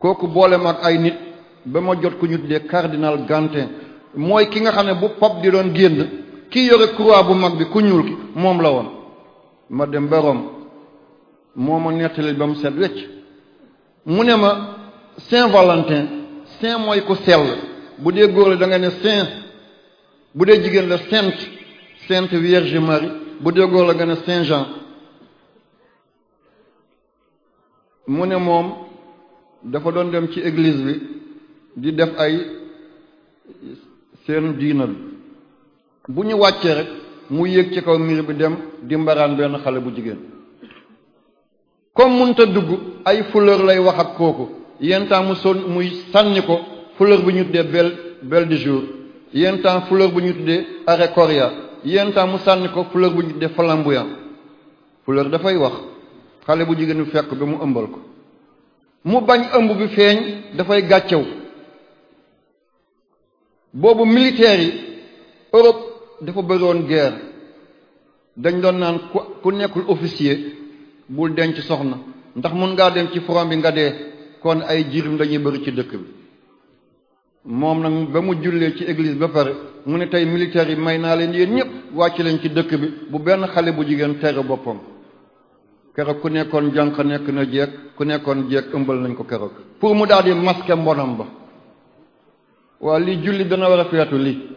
kooku boole ma ay nit ba ma jot ku ñu tuddee cardinal Gantin mooy ki nga xam ne bu pap di doon génn ki yore croix bu mag bi ku ñuul ki moom la woon ma dem ba Rome moo ma nettali ba mu set wecc mu ne ma Saint Valentin saint mooy ku sell bu dee góor la da nga ne saint bu dee jigéen la sainte sainte Vierge Marie bu dee góor la nga ne Saint Jean mu ne moom dafa doon dem ci église bi di def ay seen diina bu ñu wàccee rek mu yëg ci kaw miir bi dem di mbaraan benn xale bu jigéen comme munta dugg ay fleur lay wax ak kooku yenn temps mu son muy sànni ko fleur bu ñu tuddee belle belle du jour yenn temps fleur bu ñu tuddee arécoria yenn temps mu sànni ko fleur bu ñu tuddee flamboyant fleur dafay wax xale bu jigéen bi fekk bi mu ëmbal ko mu bañ ëmb bi feeñ dafay gàccew boobu militaire yi Europe dafa bëriwoon guerre dañ doon naan ku ku nekkul officier bul denc soxna ndax mun ngaa dem ci front bi nga dee kon ay jirim dañuy bëri ci dëkk bi moom nag ba mu jullee ci église ba pare mu ne tey militaires yi may naa leen yéen ñëpp wàcc leen ci dëkk bi bu benn xale bu jigéen tere boppam keroog ku nekkoon jànq nekk na jeeg ku nekkoon jeeg ëmbal nañ ko keroog pour mu daal di masquer mbonam ba waa lii julli dana war a feetu lii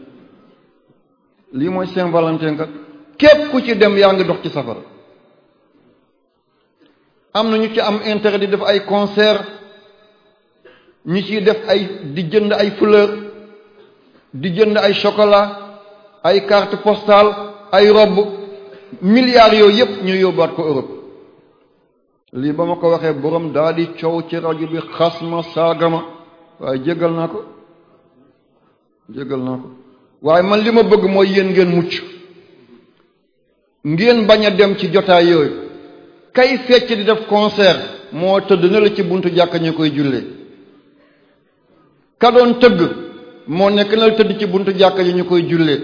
lii mooy Saint Valentin kat képp ku ci dem yaa ngi dox ci safara am na ñu ci am intérêt di def ay concert ñu ci def ay di jënd ay fleur di jënd ay chocolat ay carte postale ay robe milliards yooyu yëpp ñuy yóbbaat ko Europe lii ba ma ko waxee borom daal di coow ci rajo bi xas ma saaga ma waaye jégal naa ko jégal naa ko waaye man li ma bëgg mooy yéen ngeen mucc ngeen bañ a dem ci jotaay yooyu kay fecc di def concert moo tëdd na la ci buntu jàkka ñu koy jullee ka tëgg moo nekk na la tëdd ci buntu jàkka ñu koy jullee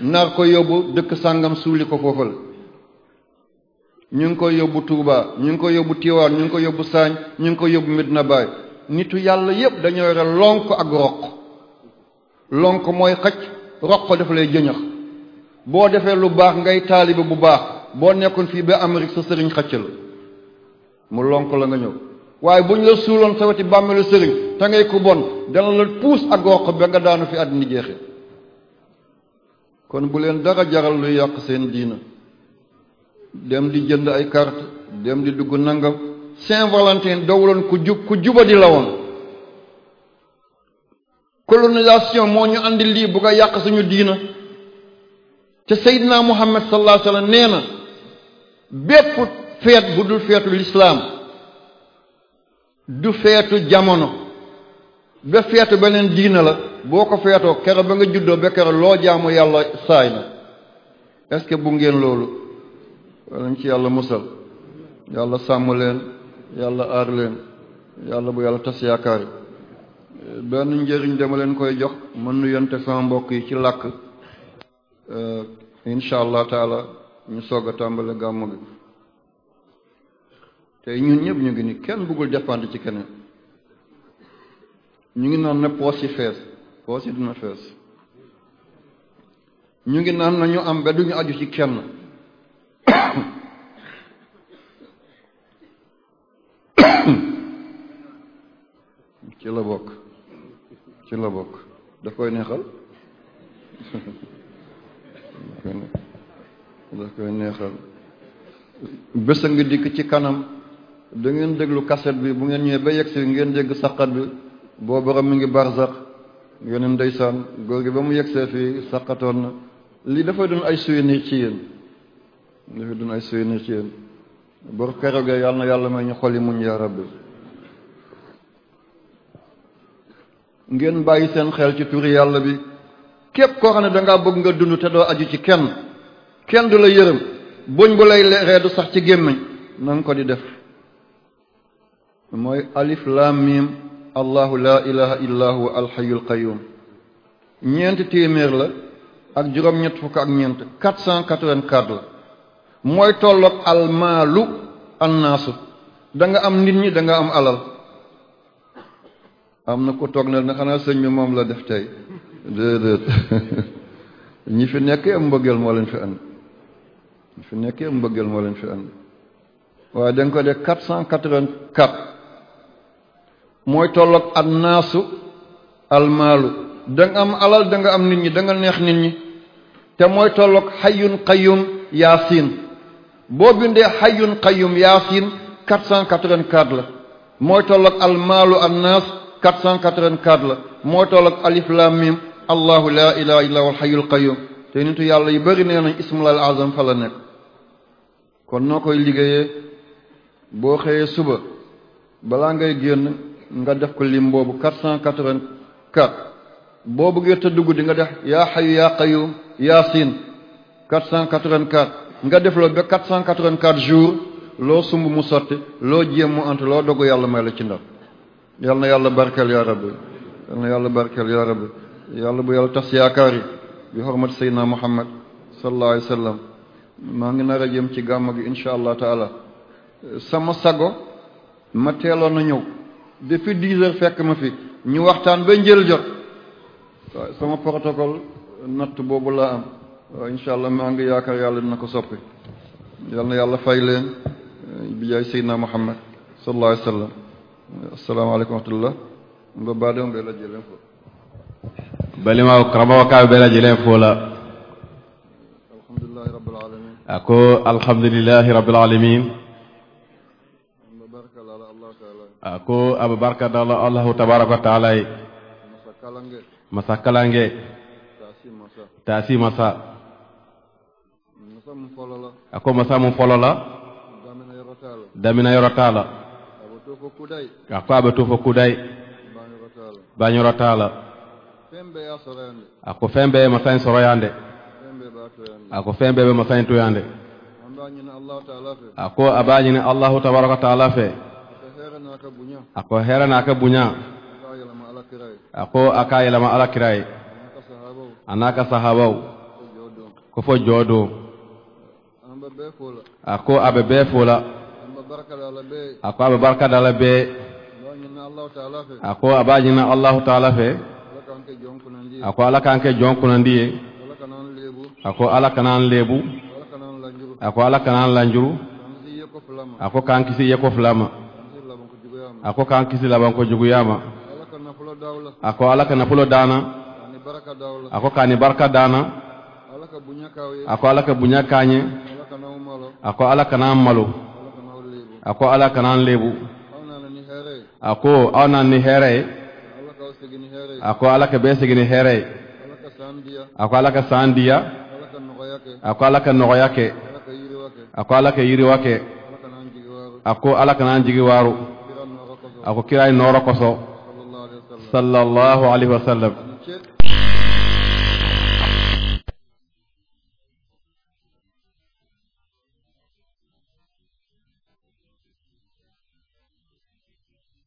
nar ko yóbbu dëkk sàngam suuli ko foofu la ñu ngi koy yóbbu tuubaa ñu ngi koy yóbbu Tiwaan ñu ngi koy yóbbu Saañ ñu ngi koy yóbbu Medina Baay nitu yàlla yépp dañoo yore lonk ak roq lonk mooy xaj roq daf lay jëñax boo defee lu baax ngay taalibe bu baax boo nekkoon fii ba Amérique sa sëriñ xëcc la mu lonk la nga ñëw waaye bu ñu la suuloon sa weti bàmmeelu sëriñ te ngay ku bon dana la puus ak roq ba nga daanu fi àddina jeexee kon bu leen dara jaral luy yàq seen diina dem di jënd ay carte dem di dugg nangam Saint Valentin dawuloon ku jub ku juba di la woon colonisation moo ñu andi lii bu ko yàq suñu diina te Seydina Muhammad sallallahu alayhi nee na bépp feet bu dul feetu lislaam du feetu jamono ba feetu beneen diina la boo ko feetoo kero ba nga juddoo ba kero loo jaamu yàlla saay na est-ce que bu ngeen loolu walañ ci yàlla musal yàlla sàmm leen yàlla aar yàlla bu yàlla tas yaakaar benn njëriñ dama koy jox mën nu yonte sama mbokk yi ci làkk eh, incha allah taala ñu soog a tàmbale gàmm gi te ñun ñëpp ñu ngi ni kenn buggul jàppante ci keneen ñu ngi naan na poos yi fees ñu ngi naan na ñu am ba duñu aju ci kenn ci la bokk ci la bokk daf koy neexal daf neexal bés a ngi dikk ci kanam da ngeen déglu kaset bi bu ngeen ñëwee ba yegg si ngeen dégg saqat bi boo borom mi ngi barzax ngeen ndeysaan góor gi ba mu yegsee fii saqatoon na lii dafay doon ay souvenir ci yéen dafay doon ay souvenir ci yéen bor keroogee yàlla na yàlla may ñu xol yi muñ yaa rabbi ngeen bàyyi seen xel ci turi yàlla bi képp koo xam ne dangaa bëgg nga dund te doo aju ci kenn kenn du la yërëm buñ bu lay leeree du sax ci gémmiñ na ko di def mooy alif lam mim allahu laa ilaha illa huwa alxayul qayyum ñeent téeméer la ak juróom-ñett fukk ak ñeent quatre cent quatre-vingt-quatre la mooy tolloog almaalu annaasu danga am nit ñi da nga am alal am na ko toog na ne xanaa sëñ bi moom la def tey ñi fi nekkee am mbëggeel fi and ñi fi nekkee am mbëggeel moo leen fi and waaye dañ ko def quatre cent quatre-vingt-quatre mooy tolloog an naasu almaalu da am alal da nga am nit ñi danga neex nit ñi te mooy tollook xayun qayyum yaasin boo bindee xayyun qayyum yaasin quatre cent quatre quatre la mooy tolloog almaalu an 484 la moo toll ak alif lam mim allahu laa ilaha illa wa hayyul qayyum te nitu yàlla yu bëri nee nañ ismul azam fa la nekk kon noo koy liggéeyee boo xëyee suba balaa ngay génn nga def ko lim boobu 484 boo bëggee tëdd guddi nga def yaa xayu yaa qayyum yaa siin 484 nga def loolu ba 484 jours loo sumb mu sotti loo jëm mu ant loo dogu yàlla may la ci ndam na yàlla barkeel yaa rabbi yàlla barkeel yaa yàlla bu yàlla tas yaakaar yi bi xormat seydina muhammad sallallahu alayhi wa maa ngi nar a ci gàmm gi incha allah taala sama sago ma teeloon a ñëw depuis dix fekk ma fi ñu waxtaan ba njël jot waaye sama protocole natt boobu laa am waaw incha allah maa ngi yaakaar yàlla dina ko soppi yal na yàlla fay leen bi jaay seydina muhammad sallallahu alayhi wa assalamualeykum wa rahmatullah mbo balima karama wakaɓe ɓe lajje len ako alhamdulillahi rabbil alamin ako ababarka dala allahu tabaraka wa taala ye kalange taasi masa ako masa mun folo damina yorotaa akko aɓe tuufo kuday bañoro taala ako fembe ema sañ soroyande ako fembe ɓe mo sañ tuyande ako abañine allahu tabaraka taala fe ako heranaka buña ako akayilama ala kiray anaka sahabaw ko fo joodo ako aɓe be fula ako aɓe barkadala be ako a ɓajina allahu taala fe ako ala kanke jonkunandi ye ako ala kanan leebu ako ala kanan lanjuru ako kan kisi yeko fulama ako kan kisi labanko juguyama ako ala ka nafulo dana ako kani barka dana ako ala ka bunya kanye ako ala kanan malo a ala kanaan leebu a ko ni hɛrɛ ye ala ka bɛɛ segin ni ala ka diya a ala ka nɔgɔya kɛ ala kanaan jigi waaru a ko kira ye nɔɔrɔ wasallam